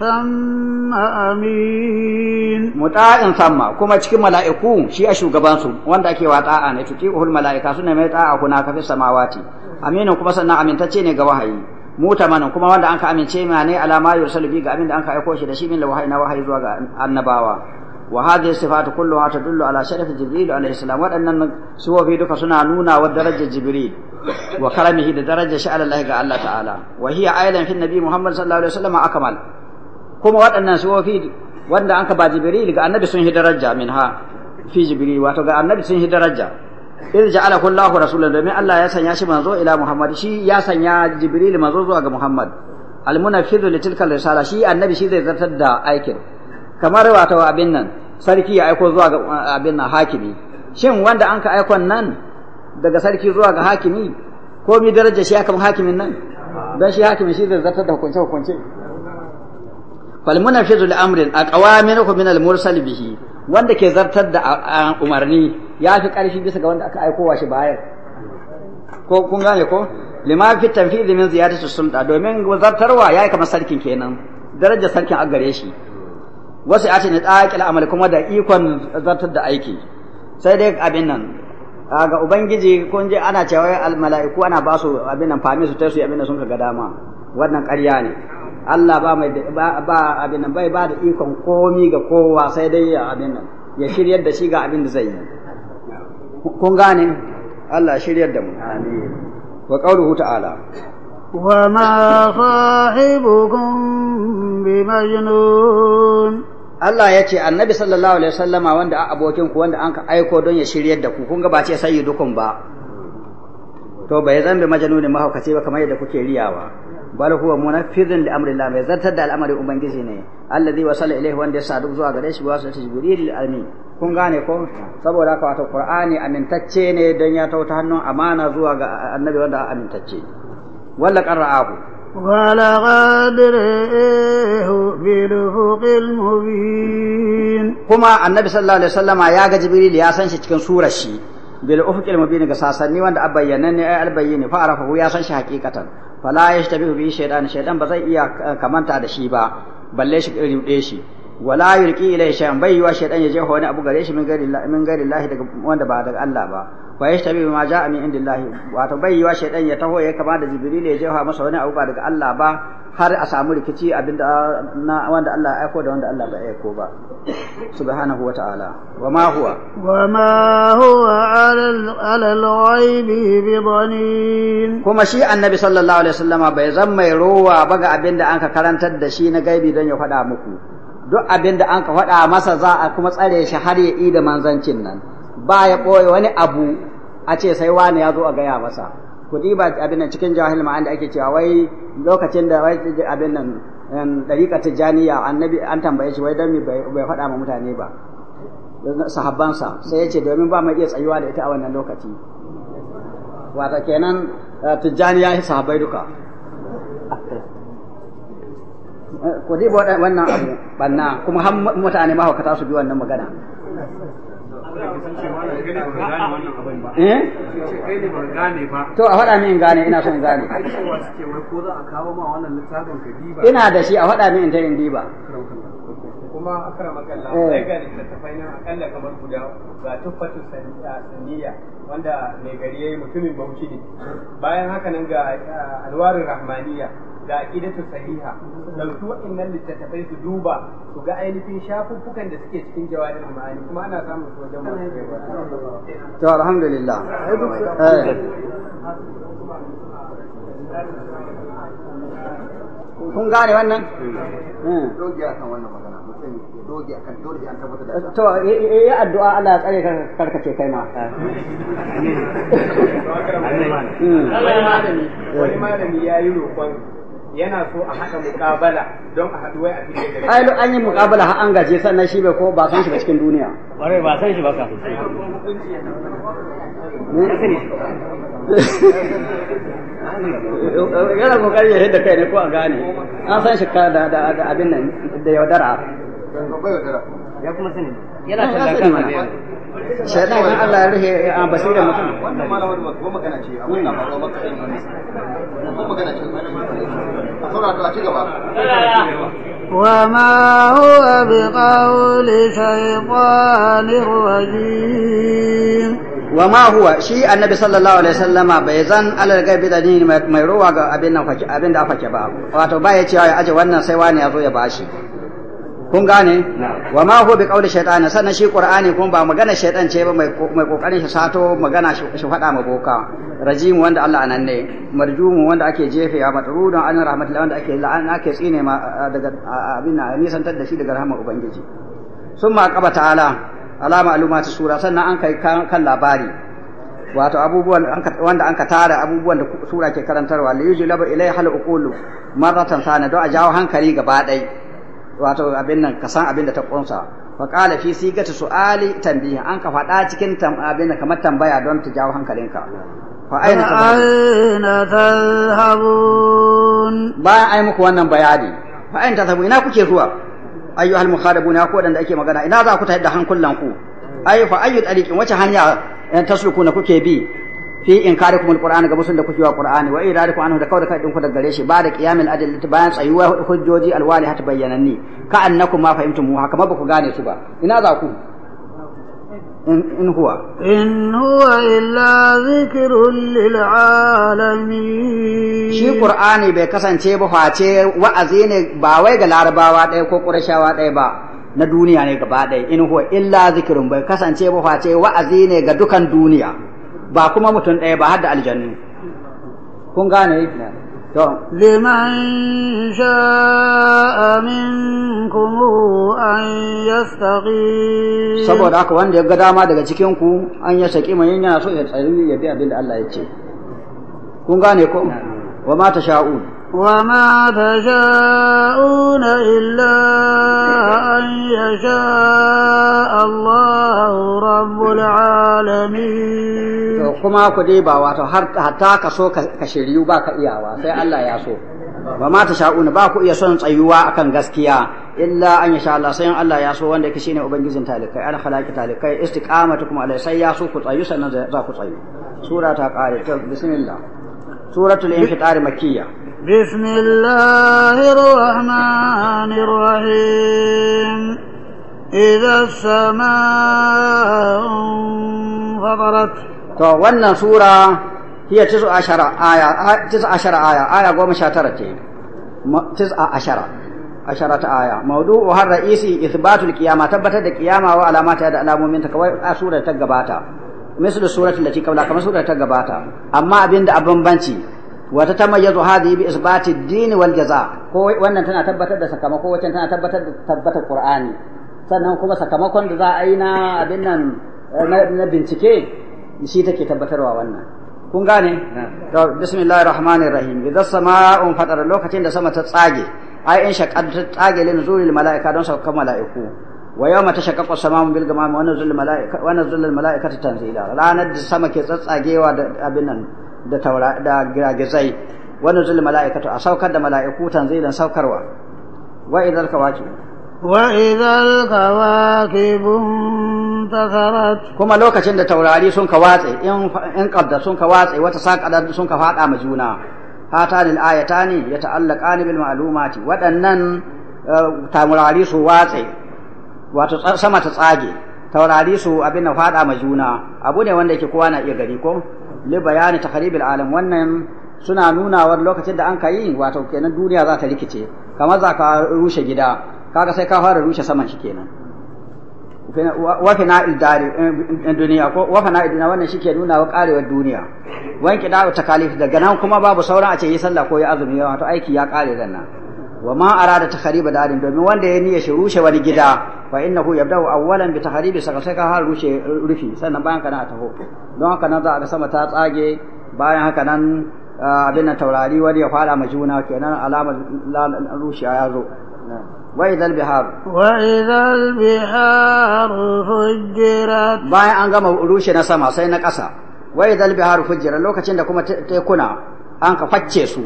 A: ثم أمين
B: مطاع ثم كما cikin mala'iku shi a shugaban su wanda ake wa ne tuti uhul mala'ika suna mai ta'a kuna ka samawati aminin kuma sannan amintacce ne ga wahayi mutamanin kuma wanda an ka amince ma ne alama yursalu bi ga abin da an ka aiko shi da shi min wahayi na wahayi zuwa ga annabawa wa hadhihi sifatu kulluha tadullu ala sharafi jibril alayhi salam waɗannan sifofi duka suna nuna wa darajar jibril wa da darajar shi Allah ga Allah ta'ala wa hiya ailan fi nabi muhammad sallallahu alaihi wasallam akmal kuma waɗannan sifofi wanda anka ba jibril ga annabi sun hi daraja minha fi jibril wato ga annabi sun hi daraja iz ja'ala kullahu rasulan domin Allah ya sanya shi manzo ila muhammad shi ya sanya jibril manzo zuwa ga muhammad al munaffidhu risala shi annabi shi zai zartar da aikin kamar wato abin nan sarki ya aiko zuwa ga uh, abin nan hakimi shin wanda an ka aikon nan daga sarki zuwa ga hakimi ko mi daraja shi akan hakimin nan dan shi hakimin shi zai zartar da hukunce hukunce fal munafizu li amrin ku min al mursal bihi wanda ke zartar da uh, uh, umarni ya fi karfi bisa ga wanda aka aiko wa shi baya ko kun gane ko lima fi tanfidi min ziyadati sulta domin zartarwa yayi kamar sarkin kenan darajar sarkin a gare shi wasu yace ne tsakil amal kuma da ikon zartar da aiki sai dai abin nan ga ubangiji kun je ana cewa al mala'iku ana ba su abin nan fami su tai su abin nan sun ka ga dama wannan ƙarya ne Allah ba mai ba abin nan bai ba da ikon komi ga kowa sai dai ya abin nan ya shiryar da shi ga abin da zai yi kun gane Allah shiryar da mu wa qauluhu ta'ala
A: وما صاحبكم بمجنون
B: Allah ya ce annabi sallallahu alaihi wasallama wanda a abokin ku wanda an ka aiko don ya shiryar da ku kun ga ba ce dukun ba to bai zambe majanuni mahaukaci ba kamar yadda kuke riyawa bal huwa munaffidun li amri Allah mai zartar da al'amarin ubangiji ne allazi wasala ilaihi wanda ya sadu zuwa gare shi wasu ta jibril alamin kun gane ko saboda haka wato qur'ani amintacce ne don ya tauta hannun amana zuwa ga annabi wanda amintacce walla qara'ahu ولقد في بالأفق المبين كما النبي صلى الله عليه وسلم يا جبريل يا سان shi cikin surar shi bil ufuqil mubin ga sasanni wanda abayyana ne ay albayyini fa arafahu ya san shi hakikatan fala yashtabihu bi shaytan shaytan ba zai iya kamanta da shi ba balle shi rude shi wala yulqi ilayhi shay'an bai wa shaytan ya je hawani abu gare shi min gari min gari Allah daga wanda ba daga Allah ba wa yashtabi bima ja'a min indillahi wato bai yiwa shaydan ya taho ya kama da jibril ya je ha masa wani abu ba daga Allah ba har a samu rikici abinda na wanda Allah ya aiko da wanda Allah bai aiko ba subhanahu wa ta'ala wa ma huwa
A: wa ma huwa ala al-ghaibi bi dhanin kuma shi annabi sallallahu alaihi
B: wasallama bai zan mai rowa ba ga abinda an ka karantar da shi na gaibi dan ya faɗa muku duk abinda an ka faɗa masa za a kuma tsare shi har ya yi da manzancin nan ba ya ɓoye wani abu a ce sai wani ya zo a gaya masa kuɗi ba abin nan cikin jahil ma'an da ake cewa wai lokacin da wai abin nan ɗariƙa tijjaniya annabi an tambaye shi wai don mi bai faɗa ma mutane ba sahabbansa sai ya ce domin ba mai iya tsayuwa da ita a wannan lokaci wata kenan eh, Tijjani ya sahabbai duka ku wannan abu banna kuma har mutane kata su bi wannan magana
C: eh
A: to a faɗa min gane ina son gane ina da shi a faɗa min in
B: ta yin diba kuma akara makalla eh. gani ga littattafai nan akalla kamar guda ga tuffatu saniya wanda mai gari ya yi mutumin bauchi ne bayan haka nan ga eh, alwarin rahmaniya da aqidatu sahiha dauki wa'annan littattafai su duba su ga ainihin shafuffukan da suke cikin jawabin ma'ani kuma ana samun su wajen masu to alhamdulillah kun gane wannan hmm. Hmm. doge wannan magana to ya addu'a Allah ya tsare karkace kai ma eh. amin hmm. Allah ya malami wani malami yayi roƙon yana so a haɗa muƙabala don a haɗu wai a cikin gari. Ai an yi muƙabala har an gaje sannan shi bai ko ba san shi ba cikin duniya. Ƙwarai ba san shi ba ka.
C: Hmm? Yana kokari ya
B: yadda kai ne ko a gane. An san shi ka da abin nan da yaudara.
C: Ya kuma sani. Yana Allah ya rufe
B: a basirar mutum
A: وما هو بقول شيطان رجيم
B: وما هو شيء النبي صلى الله عليه وسلم بيزن على الغيب دليل ما يروى abin da aka ba wato ba ya cewa ya aje wannan sai wani ya ya bashi kun gane wa ma huwa bi qawli shaytan sannan shi qur'ani kuma ba magana shaytan ce ba mai kokarin shi sato magana shi faɗa ma boka rajimu wanda Allah anan ne marjumu wanda ake jefe ya matrudun an rahmatullahi wanda ake la'ana ake tsine ma daga abin tar da shi daga rahmar ubangiji summa qaba ta'ala ala ma'lumati sura sannan an kai kan labari wato abubuwan wanda an ka tara abubuwan da sura ke karantarwa la yujlaba ilai hal uqulu marratan sana don a jawo hankali gaba dai wato abin nan ka san abin da ta kunsa fa qala fi sigati su'ali tambiya an ka faɗa cikin abin da kamar tambaya don ta jawo hankalinka fa aina tadhhabun ba ai muku wannan bayani fa aina tadhhabun ina kuke zuwa ayyuhal mukhadabuna ko da ake magana ina za ku tayar da hankulanku ai fa ayyu tariqin wace hanya eh, tasluku na kuke bi fi kuma alquran ga musun da kuke wa qur'ani wa ku anhu da kawai kai ku da gare shi ba da qiyamil adl bayan tsayuwa hujjoji alwali alwalihat bayyananni ka annakum ma fahimtum haka ma ku gane su ba ina za ku in huwa
A: in huwa illa dhikrun lil alamin shi
B: qur'ani bai kasance ba face wa'azi ne ba wai ga larabawa ɗaya ko qurashawa ɗaya ba na duniya ne gaba ɗaya in huwa illa zikrun bai kasance ba face wa'azi ne ga dukan duniya ba kuma mutum ɗaya ba har da aljannu kun gane to
A: liman sha'a minkum an yastaqi saboda
B: haka wanda ya ga dama daga cikin ku an ya saki mai yana so ya tsari ya bi abin da Allah ya ce kun gane ko wa ma tasha'un
A: وما تشاءون إلا أن يشاء الله رب العالمين
B: to kuma ku dai ba wato har hatta ka so ka shiryu ba ka iyawa sai Allah ya so ba ma ta sha'una ba ku iya son tsayuwa akan gaskiya illa an yasha Allah sai Allah ya so wanda yake shine ubangijin talikai al khalaqi talikai istiqamatukum alai sai ya so ku tsayu sannan za ku tsayu sura ta kare bismillah suratul infitar makkiyah
A: بسم الله الرحمن الرحيم إذا السماء انفطرت
B: to wannan sura hiya tisu ashara aya tisu ashara aya aya goma sha tara ce tisu ashara ashara ta aya mawdu'u har ra'isi ithbatul qiyama tabbatar da qiyama wa alamata da alamomin ta kawai a sura ta gabata misal suratul lati qabla kamar sura ta gabata amma abinda a bambanci wata tamayyazu hadhihi bi isbati ad-din wal jaza ko wannan tana tabbatar da sakamako wacce tana tabbatar da tabbatar Qur'ani sannan kuma sakamakon da za a yi na abin nan eh, na bincike shi take tabbatarwa wannan kun gane to bismillahir rahmanir rahim idan sama'un fatara lokacin da sama ta tsage ai in shaqqat ta tsage lin zuril mala'ika don sauka mala'iku wa yawma tashaqqa as-sama'u bil ghamam wa nazala al mala'ika wa nazala al tanzila ranar da sama ke tsatsagewa da abin nan da taura da giragizai wa nuzul mala'ikatu a saukar da mala'iku tanzilan saukarwa wa idzal kawaki wa idzal
A: kawaki muntasarat
B: kuma lokacin da taurari sun ka watsa, in in qadda sun ka kawatse wata saqada sun ka fada ma juna hatan al ayatani yata'allaqani bil ma'lumati wadannan eh, taurari su watse wato sama ta tsage taurari su abin da fada ma juna abu ne wanda yake kowa na iya gari ko li bayani takhribil alam wannan suna nunawar lokacin da an kai wato kenan duniya za ta rikice kamar za ka rushe gida kaga sai ka fara rushe saman shi kenan wa idari idari eh, duniya ko wa idina wannan shike nuna wa karewar duniya wanki da takalif daga nan kuma babu sauran a ce yi sallah ko yi azumi wato aiki ya kare nan wa ma arada takhariba darin domin wanda ya niyya shi rushe wani gida fa innahu yabda'u awwalan bi takharibi saka sai ka har rushe rufi sannan bayan kana a taho don haka nan za a ga sama ta tsage bayan haka nan abin nan taurari wani ya fara ma juna kenan alamar rushewa ya zo وإذا البحار وإذا البحار فجرت Bayan an gama rushe na sama sai na ƙasa وإذا البحار فجرت lokacin da kuma tekuna an ka facce su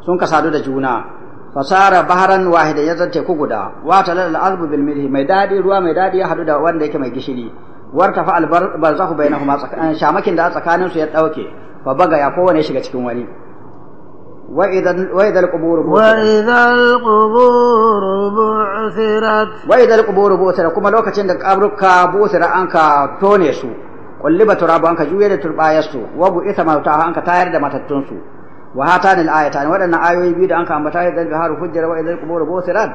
B: sun ka sadu da juna fasara baharan wahida ya zan teku guda wata talal azbu bil milhi mai dadi ruwa mai dadi ya hadu da wanda yake mai gishiri warta fa al barzahu bainahuma shamakin da tsakanin su ya dauke fa baga ya shiga cikin wani
A: وإذا القبور وإذا القبور بعثرت وإذا
B: القبور بعثرت كما لو كتشن قبرك بعثر أنك تونسو قلبت تراب أنك جوية تربايسو وبعث إثما تاها أنك تاير تتونسو wa hatan al-ayatan wadannan ayoyi biyu da an ambata ya dalbi haru hujjar wa idal qubur busirat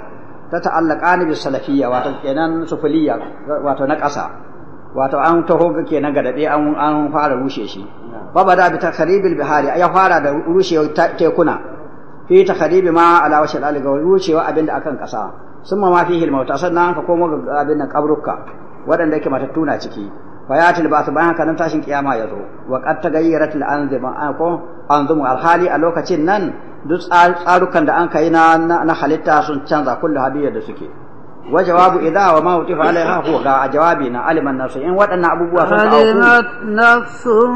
B: ta ta'allaqani bis salafiyya wato kenan sufuliyya wato na ƙasa wato an taho ga kenan ga dade an an fara rushe shi babada bi takhribil bihari ya fara da rushewar tekuna fi takhribi ma ala washal alga rushewa abinda akan ƙasa summa ma fihi al sannan ka komo ga abin nan kabrukka waɗanda yake matattuna ciki fayatil ba su bayan haka nan tashin kiyama ya zo wa qad tagayyarat al anzima ah, ko anzumu al hali a lokacin nan duk tsarukan da an kai na na halitta sun canza kullu hadiyar da suke wa jawabu idha wa ma utifa alaiha huwa ga jawabi na aliman nafsu in waɗannan abubuwa sun auku alimat
A: nafsun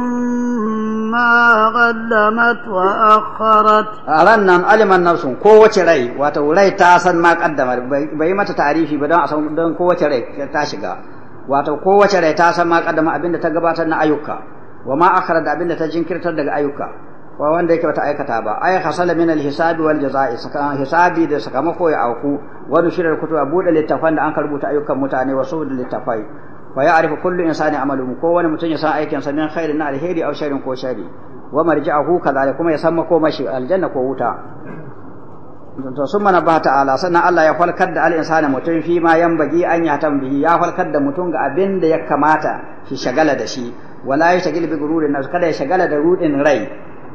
A: ma qaddamat wa akharat ran
B: nan aliman nafsun kowace rai wato rai ta san ma qaddama bai mata tarihi ba don a san don kowace rai ta shiga wato kowace rai ta san ma kaddama abin da ta gabatar na ayyuka wa ma akhara da abin da ta jinkirtar daga ayyuka wa wanda yake bata aikata ba ay hasala min al hisabi wal jazaa'i hisabi da sakamako ya auku wa nushirar kutuba bude littafan da an karbuta ayyukan mutane wa da littafai fa ya'rifu kullu insani amaluhu ko wani mutum ya san aikin sa min khairin na alheri aw sharrin ko shari wa marja'uhu kadhalika kuma ya san makomashi aljanna ko wuta to sun mana ba ta'ala sannan Allah ya falkar da al'insani mutum fi ma yan bagi an ya tambihi ya falkar da mutum ga abin da ya kamata shi shagala da shi wala ya shagil bi gururin nas kada ya shagala da rudin rai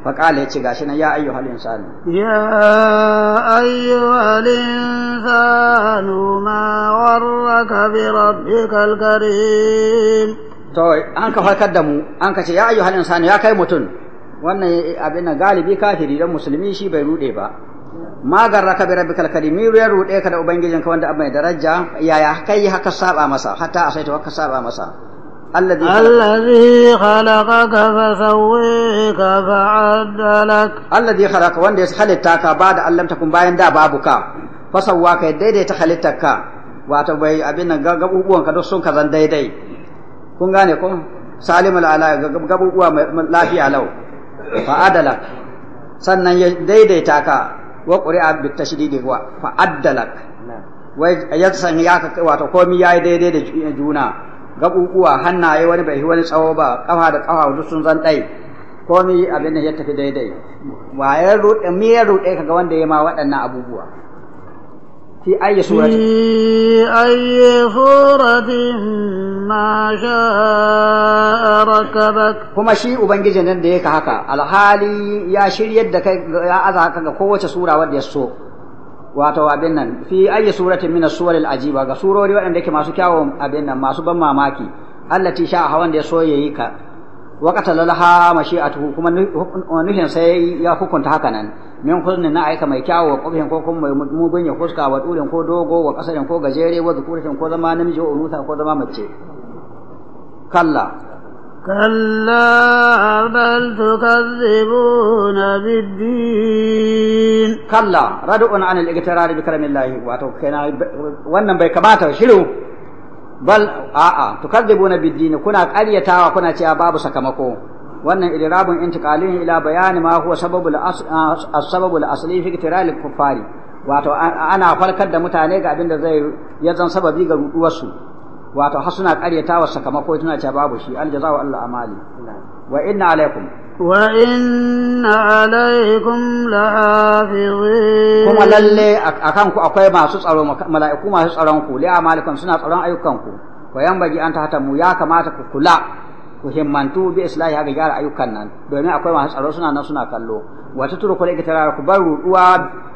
B: fa qala ya ci gashi nan ya ayyuhal insani ya
A: ayyuhal insanu ma warraka bi rabbikal karim to
B: an ka falkar da mu an ka ce ya ayyuhal insani ya kai mutum wannan abin galibi kafiri dan musulmi shi bai rude ba magarra ka bi rabbikal karim mi ya rude ka da ka wanda abai daraja yaya kai haka saba masa hatta asaita haka saba masa الذي الذي خلقك فسويك فعدلك الذي خلق وند يخلقك بعد ان لم تكن باين دا بابك فسواك wato bai abin nan gabubuwan ka duk sun ka zan daidai kun gane ko salimul ala gabubuwa lafiya lau fa adalak sannan ya daidaita ka wa qur'a bi tashdidi wa fa addalak wai yaksan ya ka wato komai yayi daidai da juna gabubuwa hannaye wani bai wani tsawo ba kafa da kafa duk sun zan dai komai abin da ya tafi daidai wa ya rude me ya rude
A: kaga wanda ya ma waɗannan abubuwa في أي Kuma shi Ubangiji سورة da شاء ركبك
B: كما شيء أبنجي نن ديك هكا الحالي يا شير يدك يا أزهك قوة سورة ودي السوق wato abin fi ayi suratin min as-suwar ajiba ga surori waɗanda yake masu kyawawan Abinnan masu ban mamaki allati sha hawan da ya so yayi ka wakata lalaha mashi a mashi'atuhu kuma nufin sai ya hukunta haka nan min kullin na aika mai kyawu wa kofin ko kuma mugun ya fuska wa durin ko dogo wa kasarin ko gajere wa zukuratin ko zama namiji wa unusa ko zama mace kalla
A: kalla bal tukazzibuna biddin
B: kalla radu'un an al-iqtirar bi karamillahi wato kenan wannan bai kamata shiru bal a'a tukadzibuna bid-din kuna karyatawa kuna cewa babu sakamako wannan idrabun intiqalin ila bayani ma huwa sababul as-sababul asli fi iktiral kuffari wato ana farkar da mutane ga abin da zai ya zan sababi ga ruduwarsu wato har suna ƙaryatawa sakamako tana cewa babu shi al-jazaa wa Allah amali wa inna alaikum
A: وإن
B: kuma lalle akan ku akwai masu tsaro mala'iku masu tsaron ku li amalikum suna tsaron ayyukan ku wa yanbaghi an tahtamu ya kamata ku kula ku himmantu bi islahi ga gyara ayyukan nan domin akwai masu tsaro suna nan suna kallo wa tatruku al-iktira ku bar ruduwa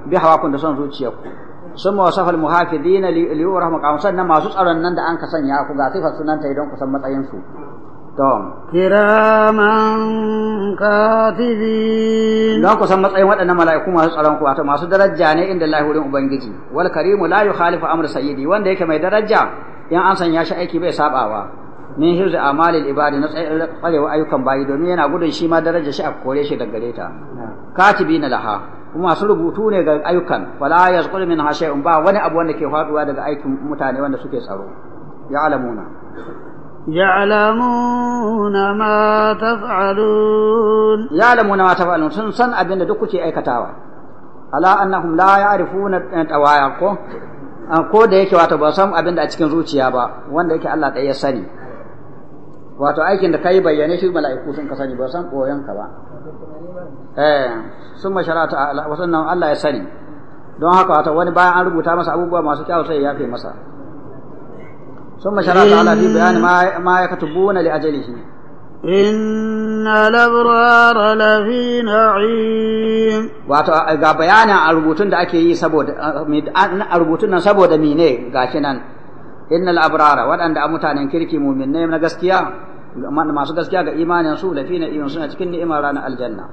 B: bi hawakun da son zuciyarku sun wasafal muhafidin li yurahmu qamsan masu tsaron nan da an ka sanya ku ga sifar sunanta idan ku san matsayin su kiraman
A: katibin
B: don ku san matsayin waɗannan mala'iku masu tsaron ku wato masu daraja ne inda Allah wurin ubangiji wal karimu la yukhalifu amr sayyidi wanda yake mai daraja yan an sanya shi aiki bai sabawa min hirzu amalil ibadi na tsarewa ayyukan bayi domin yana gudun shi ma daraja shi a kore shi daga gare ta na laha masu rubutu ne ga ayyukan wala yazqul min shay'un ba wani abu wanda ke faduwa daga aikin mutane wanda suke tsaro ya alamuna
A: ya'lamuna ma
B: taf'alun ya'lamuna ma taf'alun sun san abin da duk kuke aikatawa ala annahum la ya'rifuna tawaya ko ko da yake wato ba san abin a cikin zuciya ba wanda yake Allah ɗaya ya sani wato aikin da kai bayyane shi mala'iku sun ka sani ba san koyon ka ba eh sun masharata wasannan Allah ya sani don haka wato wani bayan an rubuta masa abubuwa masu kyau sai ya fi masa ثم شرع تعالى في بيان ما ما يكتبون لأجله إن
A: الأبرار لفي نعيم
B: wato ga bayanin a rubutun da ake yi saboda a rubutun nan saboda mine gashi nan innal waɗanda mutanen kirki muminai na gaskiya masu gaskiya ga imanin su da fina iyon cikin ranar aljanna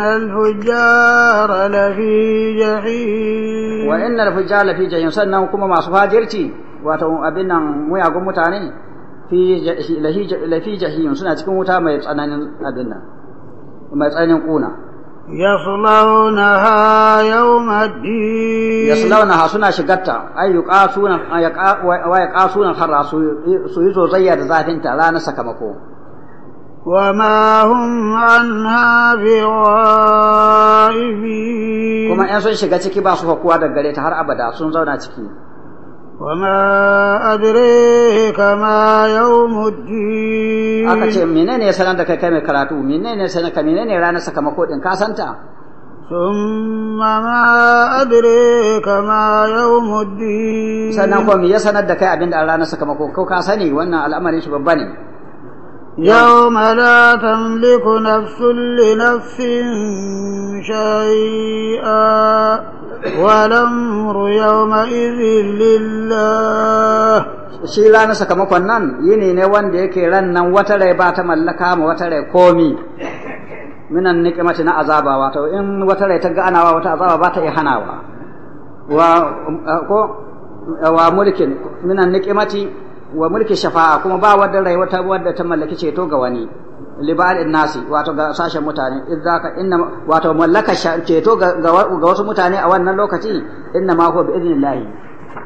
A: الفجار لفي جحيم
B: وإن الفجار لفي جحيم سنة كما ما سفاجرتي واتو أبنا ويعقوم متاني في لفي جحيم سنة كما متى ما يتعنان أبنا وما يتعنان قونا يصلونها يوم الدين يصلونها سنة شقتا أي يقاسون ويقاسون الحرى سيزو زيادة ذات انت لا نسك مكو
A: وما هم عنها بغائبين kuma ‘yan sun shiga ciki ba
B: su hakuwa da gare ta har abada sun zauna ciki
A: وما أدريك ما يوم الدين aka ce menene ya sanar da kai kai mai karatu menene
B: ka ranar sakamako din ka santa
A: ثم ما أدريك ما يوم الدين sannan kuma ya
B: sanar da kai abinda ranar sakamako ko ka sani wannan al'amarin shi babba ne
A: يوم لا تملك نفس لنفس شيئا والأمر يومئذ لله shi na
B: sakamakon nan yini ne wanda yake ran nan wata rai ba ta mallaka ma wata rai komi minan niqimati na azaba wato in wata rai ta ganawa wata azaba ba ta yi hanawa wa ko wa mulkin minan niqimati wa mulki shafa'a kuma ba wadda rai wata wadda ta mallaki ceto ga wani libal nasi wato ga sashen mutane inna wato mallaka ceto ga wasu mutane a wannan lokaci inna ma huwa bi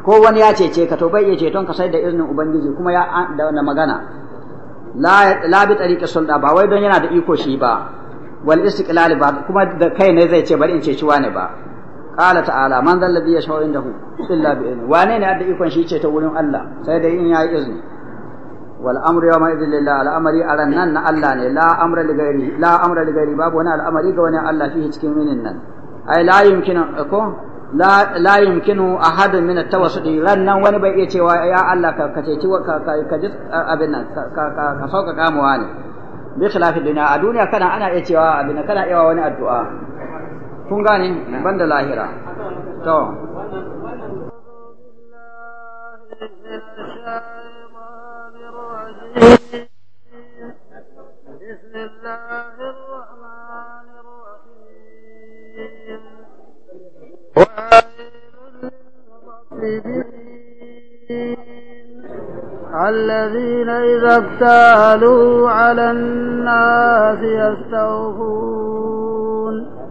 B: ko wani ya cece ka to bai iya ceton ka sai da iznin ubangiji kuma ya da wannan magana la la bi tariqi sulda ba wai don yana da iko shi ba wal istiqlal ba kuma da kai ne zai ce bari in ce shi wane ba qala ta'ala man zal ladhi yashau indahu illa bi idni wane ne da ikon shi ce ta wurin Allah sai dai in yayi izini wal amru yawma idhin lillah al amri aran nan na Allah ne la amra li ghairi la amra li ghairi babu wani al'amari ga wani Allah fihi cikin minin nan ai la yumkinu eh, ko la la yumkinu ahad min at-tawassudi rannan wani bai iya cewa ya Allah ka kace ci ka ka ji abin nan ka ka sauka kamuwa ne bi khilafi dunya a duniya kana ana iya cewa abin kana iya wani addu'a kun banda lahira to بسم الله
A: الرحمن الرحيم الذين إذا اكتالوا على الناس يستوفون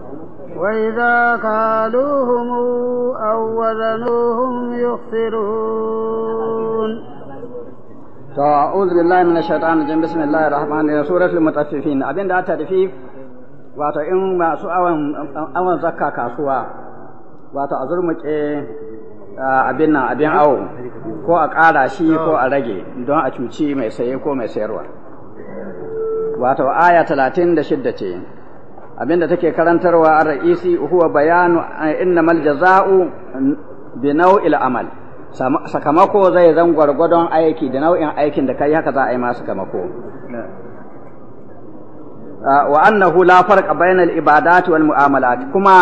A: وإذا كالوهم أو وزنوهم يخسرون
B: to a'udhu billahi minash shaitanir rajim bismillahir rahmanir rahim suratul mutaffifin abinda ta tafi wato in masu awan awan kasuwa wato a zurmuke abin nan abin awo ko a ƙara shi ko a rage don a cuci mai saye ko mai sayarwa wato aya talatin da 36 ce abinda take karantarwa a ra'isi huwa bayanu inna mal jaza'u bi nau'il amal sakamako zai zan gwargwadon aiki da nau'in aikin da kai haka za a yi masu sakamako wa annahu la farqa bainal ibadati wal mu'amalat kuma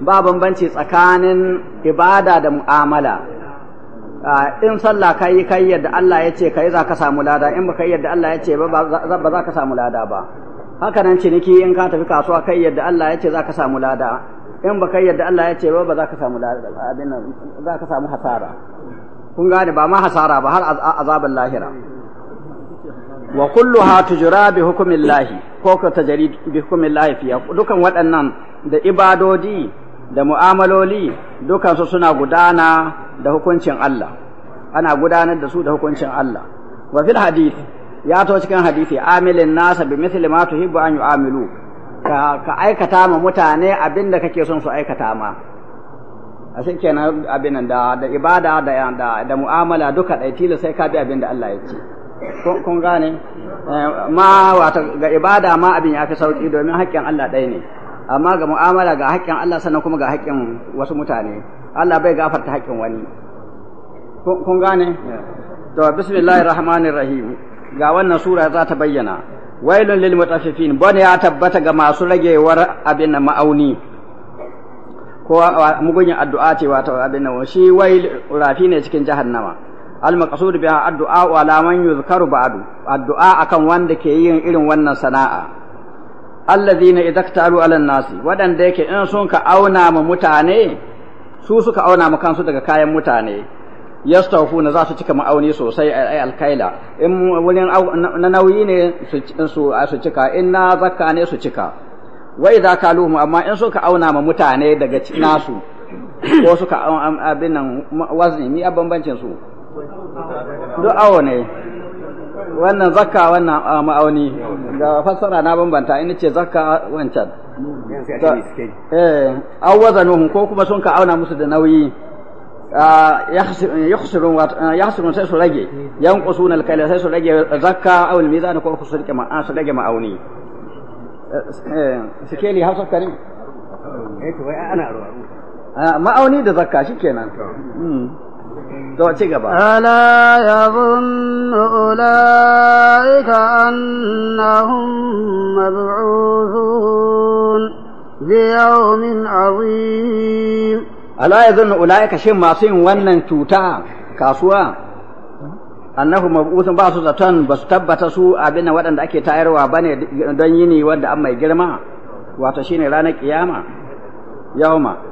B: ba bambanci tsakanin ibada da mu'amala in sallah kai kai yadda Allah ya ce kai za ka samu lada in ba kai yadda Allah ya ba za ka samu lada ba haka nan ciniki in ka tafi kasuwa kai yadda Allah ya ce za ka samu lada in ba kai yadda Allah ya ce ba za ka samu lada abin nan za ka samu hasara kun gane ba ma hasara ba har azabin lahira wa kulluha tujra bi lahi ko ka tajari bi lahi fiya dukan waɗannan da ibadodi da mu'amaloli dukan su suna gudana da hukuncin Allah ana gudanar da su da hukuncin Allah wa fil hadith ya to cikin hadisi amilin nasa bi misli ma tuhibbu an yu'amilu ka ka aikata ma mutane abin da kake son su aikata ma a shi kenan abin da da ibada da da, da mu'amala duka dai tilo sai ka bi abin da Allah ya ce kun gane eh, ma wato ga ibada ma abin ya fi sauki domin haƙƙin Allah ɗaya ne amma ga mu'amala ga haƙƙin Allah sannan kuma ga haƙƙin wasu mutane Allah bai gafarta haƙƙin wani kun gane to bismillahir rahmanir rahim ga wannan sura za ta bayyana wailun lil mutaffifin bani ya tabbata ga masu ragewar abin na ma'auni ko mugunyin addu'a ce wato abin nan shi wail rafi ne cikin jahannama al maqsud bi addu'a wa la man yuzkaru ba'du addu'a akan wanda ke yin irin wannan sana'a allazina idza talu ala nasi wadanda yake in sun ka auna ma mutane su suka auna ma kansu daga kayan mutane na za su cika ma'auni sosai ai alkaila in wurin na nauyi ne su su cika in na zakka ne su cika wa idza luhu amma in suka auna ma mutane daga nasu ko suka abin nan wazni mi bambancin su
C: duk awo ne
B: wannan zakka wannan ma'auni ga fassara na bambanta in ce zakka wancan eh awwazanuhum ko kuma sun ka auna musu da nauyi يخسر يخسرون سيس رجي ينقصون الكلى سيس رجي الزكاة أو الميزان يقول خسر كما آس رجي ما أوني أه، أه، سكيني هل صف كريم
C: ايتو انا اروح
B: آه، ما أوني
A: ده زكاة شكينا ألا يظن أولئك أنهم مبعوثون ليوم عظيم ala
B: yazunnu ulaika shin masu yin wannan cuta kasuwa annahu mabusun ba su zaton ba su tabbata su abin waɗanda ake tayarwa bane don yini wanda an mai girma wato shine ranar kiyama yauma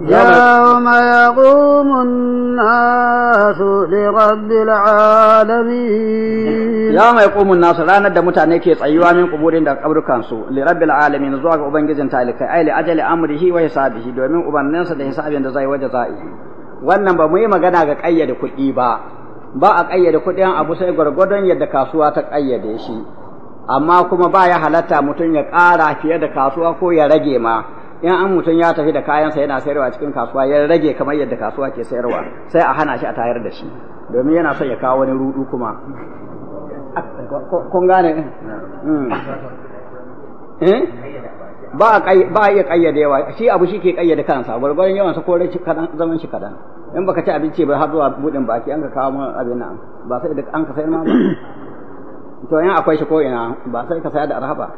A: يوم يقوم الناس لرب العالمين
B: يوم يقوم الناس رانا دا متاني كي تسيوا من قبورين دا قبر كانسو لرب العالمين ga ubangijin talikai ai li ajali amrihi wa hisabihi domin ubannansa da hisabin da zai waje zai wannan ba mu yi magana ga kayyade kuɗi ba ba a kayyade kuɗin abu sai gwargwadon yadda kasuwa ta kayyade shi amma kuma ba ya halatta mutum ya ƙara fiye da kasuwa ko ya rage ma in an mutum ya tafi da kayansa yana sayarwa cikin kasuwa ya rage kamar yadda kasuwa ke sayarwa sai a hana shi a tayar da shi domin yana son ya kawo wani rudu kuma kun gane hmm. eh? ba a iya kayyadewa shi abu shi ke kayyade kansa gwargwaron yawansa ko rai zaman shi kadan in baka ci abinci ba har zuwa budin baki an ka kawo mun abin nan ba sai da an ka sayar ma ba to in akwai shi ko ina ba sai ka sayar da arha ba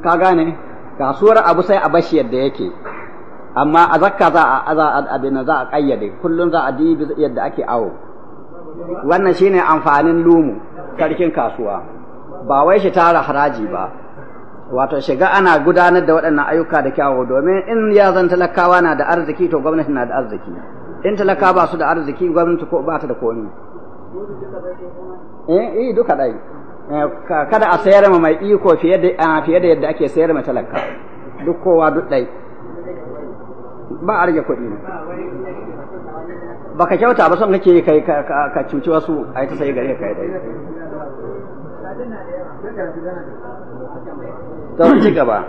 B: ka gane kasuwar abu sai a bashi yadda yake amma a zakka za a za abin za a kayyade kullun za a dibi yadda ake awo wannan shine amfanin lumu sarkin kasuwa ba wai shi tara haraji ba wato shiga ana gudanar da waɗannan ayyuka da kyawu domin in ya zan talakawa na da arziki to gwamnati na da arziki in talaka ba su da arziki gwamnati ko ba ta da komi eh eh duka dai Eh, kada a sayar ma mai iko fiye da yadda ake sayar ma talaka duk kowa duk dai ba a rage kuɗi ne
C: baka kyauta ba
B: son kake kai ka cuci wasu a yi ta sayi gare ka yi ɗai to ci gaba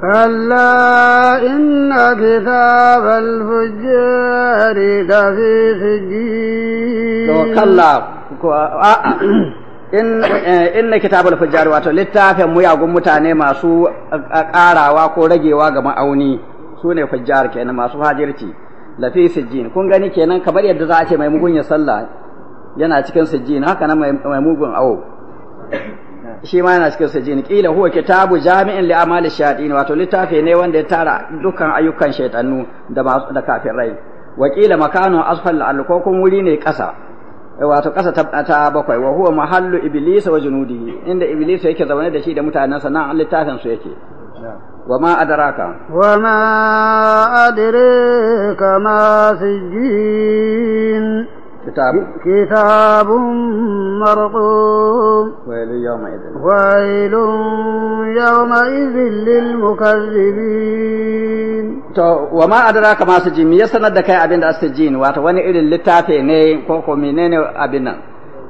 A: كلا إن كتاب الفجار لفي سجين كلا
B: Eh, inna al fujjar wato littafin muyagun mutane masu eh, ƙarawa ko ragewa ga ma'auni sune fujjar kenan masu hajirci lafi sijjin kun gani kenan kamar yadda za a ce mai mugun ya sallah yana cikin sijjin haka nan mai mugun awo shi ma yana cikin sijjin kila huwa kitabu jami'in li amali shadin wato littafi ne wanda ya tara dukkan ayyukan shaytanu da da kafirai wa kila makanu asfal al ko kun wuri ne kasa wato ƙasa ta bakwai wa huwa mahallu iblis wa junudihi inda iblis yake zaune da shi da mutanensa nan littafin su yake wa ma adraka
A: wa ma adraka ma sijjin كتاب كتاب مرقوم
B: ويل يومئذ
A: ويل يومئذ للمكذبين to
B: wa ma ما سجين sujin دكاي sanar da kai abin da asijin wato wani irin littafi ne ko abin nan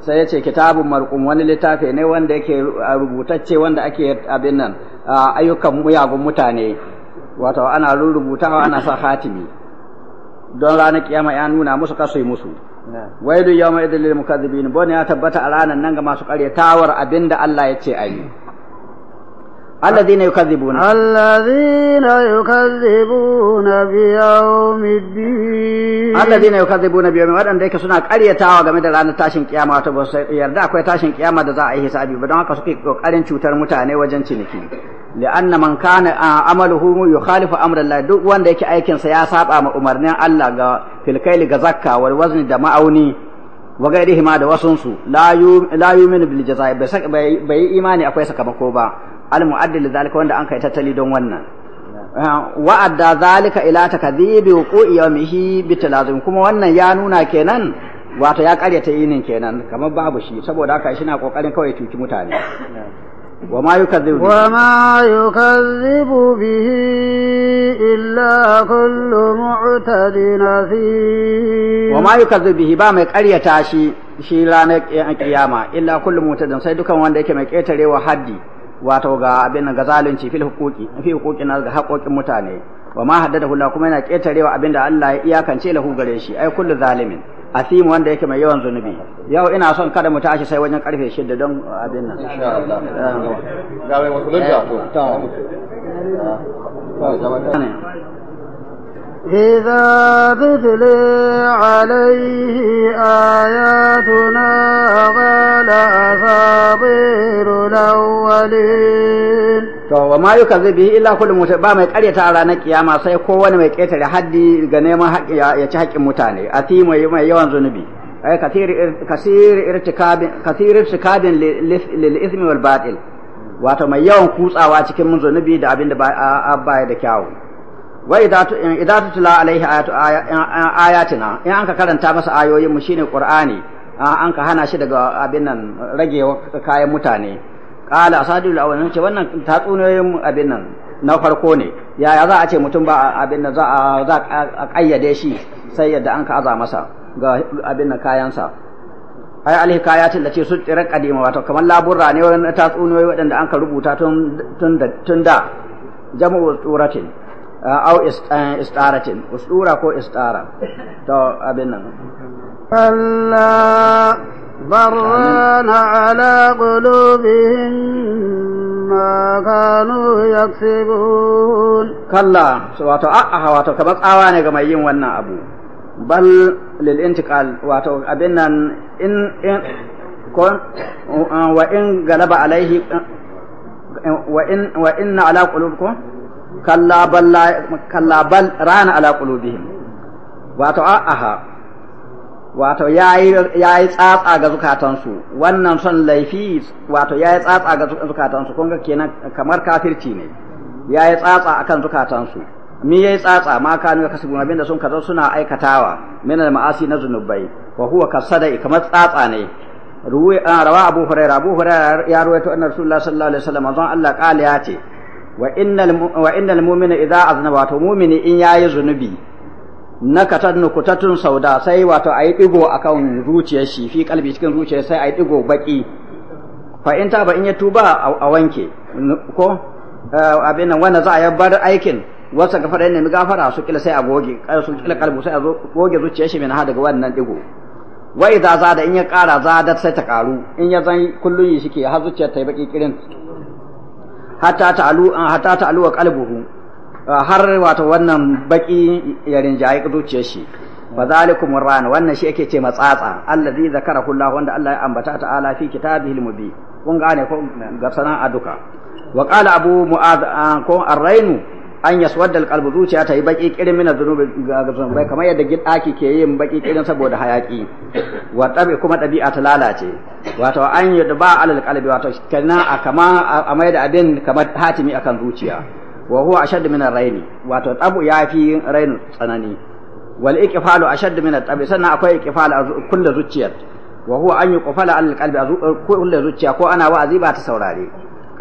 B: sai ya ce kitabun marqum wani littafi ne wanda yake rubutacce wanda ake abin nan ayyukan muyagun mutane wato ana rubutawa ana sa hatimi don ranar kiyama ya nuna musu kasu musu wailu yawma idil lil mukazzibin bone ya tabbata a ranan nan ga masu karyatawar abinda Allah ya ce ayi
A: الذين يكذبون الذين يكذبون بيوم الدين الذين يكذبون بيوم الدين wadanda yake suna karyatawa
B: game da ranar tashin kiyama wato ba su yarda akwai tashin kiyama da za a yi hisabi ba don haka suke kokarin cutar mutane wajen ciniki li'anna man kana amaluhu yukhalifu amra Allah duk wanda yake aikin sa ya saba ma umarnin Allah ga filkaili ga zakka wal wazni da ma'auni wa gairihi ma da wasunsu la yu'minu bil jazai bai bai imani akwai sakamako ba al-mu'addil zalika wanda an kai tattali don wannan wa'adda zalika ila takdhibi wuqu'i yawmihi bitalazum kuma wannan ya nuna kenan wato ya karyata yinin kenan kamar babu shi saboda haka shi na kokarin kawai tuki mutane وما يكذب به
A: وما يكذب به إلا كل معتد Wa وما
B: يكذب به ba mai karyata shi shi ranar ƙiyama illa kullu mutadin sai dukan wanda yake mai ketarewa haddi wato ga abin ga zalunci fil huquqi fi na ga haƙoƙin mutane wa ma haddadahu la kuma yana ketarewa abinda Allah ya iyakance lahu gare shi ai kullu zalimin asimu wanda yake mai yawan zunubi yau ina son kada mu tashi sai wajen karfe shida don abin nan insha Allah
C: ga
A: إذا تتلي عليه آياتنا قال أساطير الأولين
B: to wa ma yuka zai bihi illa kullu mutum ba mai karyata a ranar kiyama sai kowane mai ƙetare haddi ga neman haƙƙi ya ci haƙƙin mutane a mai yawan zunubi ai eh, kasir irtikabin kasir irtikabin lil ismi wal batil wato mai yawan kutsawa cikin zunubi da abin da ba da kyawu wa idza tutla alaihi ayatina in an ka karanta masa ayoyin mu shine qur'ani an ka hana shi daga abin nan rage kayan mutane qala asadul awwalin ce wannan tatsuniyoyin abin nan na farko ne yaya za a ce mutum ba abin nan za a kayyade shi sai yadda an ka aza masa ga abin nan kayansa ai kayatin da ce su tsirar kadima wato kamar laburra ne wani tatsuniyoyi waɗanda an ka rubuta tun da jam'u turatin. Uh, au äh, istaratin ustura ko istara to abin nan
A: kalla barrana ala qulubihim ma kanu yaksibun kalla
B: wato a'a wato kamar tsawa ne ga mai yin wannan abu bal lil wato abin nan in in ko uh, wa in galaba alaihi uh, wa in wa inna ala qulubikum kalla bal rana ala qulubihim wato aha wato yayi yi tsatsa ga zukatansu wannan son laifi wato yayi tsatsa ga zukatansu kun ga kenan kamar kafirci ne yayi tsatsa akan zukatansu mi yayi tsatsa ma kanu kasubun da sun kaza suna aikatawa min ma'asi na zunubai wa huwa kasada kamar tsatsa ne ruwa ah, abu hurairah abu hurairah ya ruwaito annabi sallallahu alaihi wasallam zan Allah qala ya ce wa innal mu'mina idza aznaba wato mu'mini in yayi zunubi na katannu kutatun sauda sai wato ayi digo akan zuciyar shi fi kalbi cikin zuciyar sai ayi digo baki fa in ba in ya tuba a wanke ko eh, abin nan wanda za a bar aikin wasa ga fara nemi gafara su kila sai a goge eh, su kila kalbu sai a goge zuciyar shi min ha daga wannan digo wa idza zada in ya kara zada sai ta karu in ya zan kullun yi shike har zuciyar ta yi baki kirin hatta ta'alu hatta ta'alu qalbuhu ah, har wato wannan baki ya rinjaye zuciyar shi fa zalikum ran wannan shi yake ce matsatsa allazi zakara kula wanda Allah ya ambata ta'ala fi kitabihil mubin kun gane ko ga sana'a duka wa qala abu mu'adh ah, ko rainu. an wadda alqalbu zuciya ta yi baki kirin mina zunubi ga zunubai hmm. kamar yadda gidaki ke yin baki kirin saboda hayaki wa tabi kuma ɗabi'a ta lalace wato an ba alal qalbi wato kana a kama a mai da abin kamar hatimi akan zuciya wa huwa ashaddu min ar-raini wato tabu yafi rainu tsanani wal iqfalu ashaddu min at-tabi sannan akwai iqfal kullu zuciyar wa huwa an yuqfala alal qalbi kullu zuciya ko ana wa'azi ba ta saurare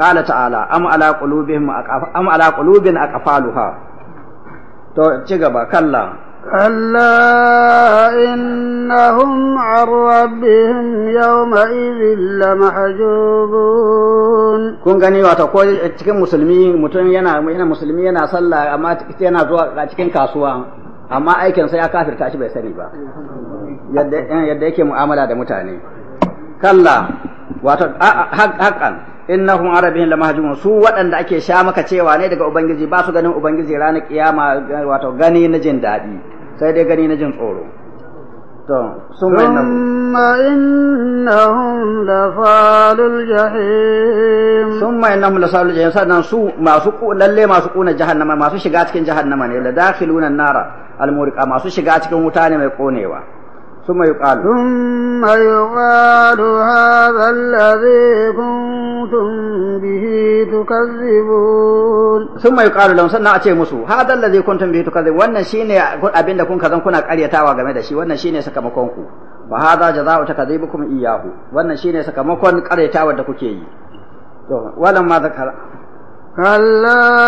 B: qala ta'ala am ala qulubihim am ala qulubin aqfaluha to ci gaba kalla
A: كلا إنهم عن ربهم يومئذ لمحجوبون
B: kun gani wato ko cikin musulmi mutum yana musulmi yana sallah amma yana zuwa cikin kasuwa amma aikinsa sa ya kafirta shi bai sani ba yadda yadda yake mu'amala da mutane kalla wato haƙan innahum arabihin mahjumun su waɗanda ake sha maka cewa ne daga ubangiji ba su ganin ubangiji ranar kiyama wato gani na jin daɗi sai dai gani na jin tsoro
A: to sun mai nan innahum lafalul jahim sun mai la
B: lafalul jahim sannan su masu lalle masu kuna jahannama masu shiga cikin jahannama ne la dakhiluna nara al masu shiga cikin wuta ne mai konewa ثم يقال ثم
A: يقال هذا الذي كنتم به تكذبون
B: ثم يقال لهم سنة أتي مسو هذا الذي كنتم به تكذبون وانا شيني أبين دكون كذن كنا قرية تاوى غمدا شي وانا شيني سكمكونكو وهذا جزاء تكذبكم إياه وانا شيني سكمكون قرية تاوى دكوكي ولما ذكر
A: كلا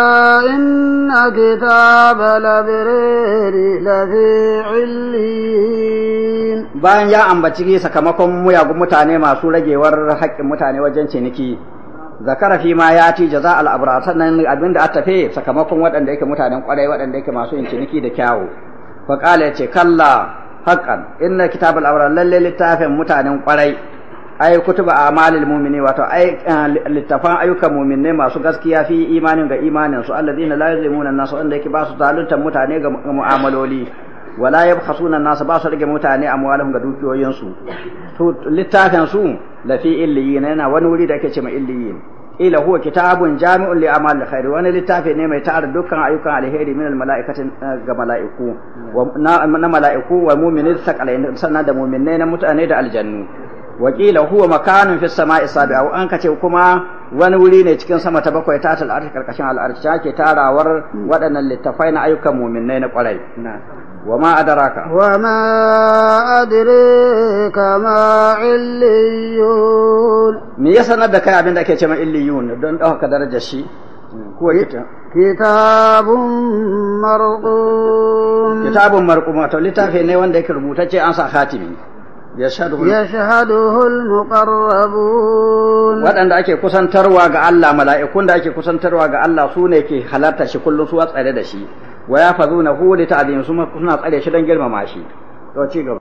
A: إن كتاب الأبرار لفي علين
B: bayan ya ambaci sakamakon muyagun mutane masu ragewar haƙƙin mutane wajen ciniki zakara fi ma ya za a al'abra sannan abinda a tafe sakamakon waɗanda yake mutanen ƙwarai waɗanda yake masu yin ciniki da kyawu fa ya ce kalla haƙƙan inna kitabul abrar lalle littafin mutanen ƙwarai ay kutuba amalil mu'mini wato ay eh, littafan ayyukan mu'minne masu gaskiya fi imanin ga imanin su alladheena la yuzlimuna an-nas wanda yake ba su zalunta mutane ga mu'amaloli wala yabkhasuna an-nas ba su rage mutane amwalahum ga dukiyoyinsu. su to littafin su la fi illiyin yana wani wuri da ake cewa illiyin ila huwa kitabun jami'un li amal alkhair wani littafi ne mai tara dukkan ayyukan alheri min almalaikati eh, ga mala'iku na mala'iku wa mu'minin sakalain sannan da mu'minai na mutane da aljannu wakila huwa makanun fi sama'i sabi'a an kace kuma wani wuri ne cikin sama ta bakwai ta tal arshi karkashin al'arshi ake tarawar waɗannan littafai na ayyukan mu'minnai na kwarai wa ma adaraka
A: wa ma adraka ma illiyun
B: me ya sanar da kai abin da ake cewa illiyun don ɗaukaka darajar shi ko ita
A: kitabun marqum kitabun
B: marqum wato littafi ne wanda yake rubutacce an sa khatimi
A: yashhaduhu al-muqarrabun waɗanda
B: ake kusantarwa ga Allah mala'ikun da ake kusantarwa ga Allah su ne ke halarta shi kullun su tsare da shi wa yafazunahu li ta'zimi su suna tsare shi don girmama shi to ci gaba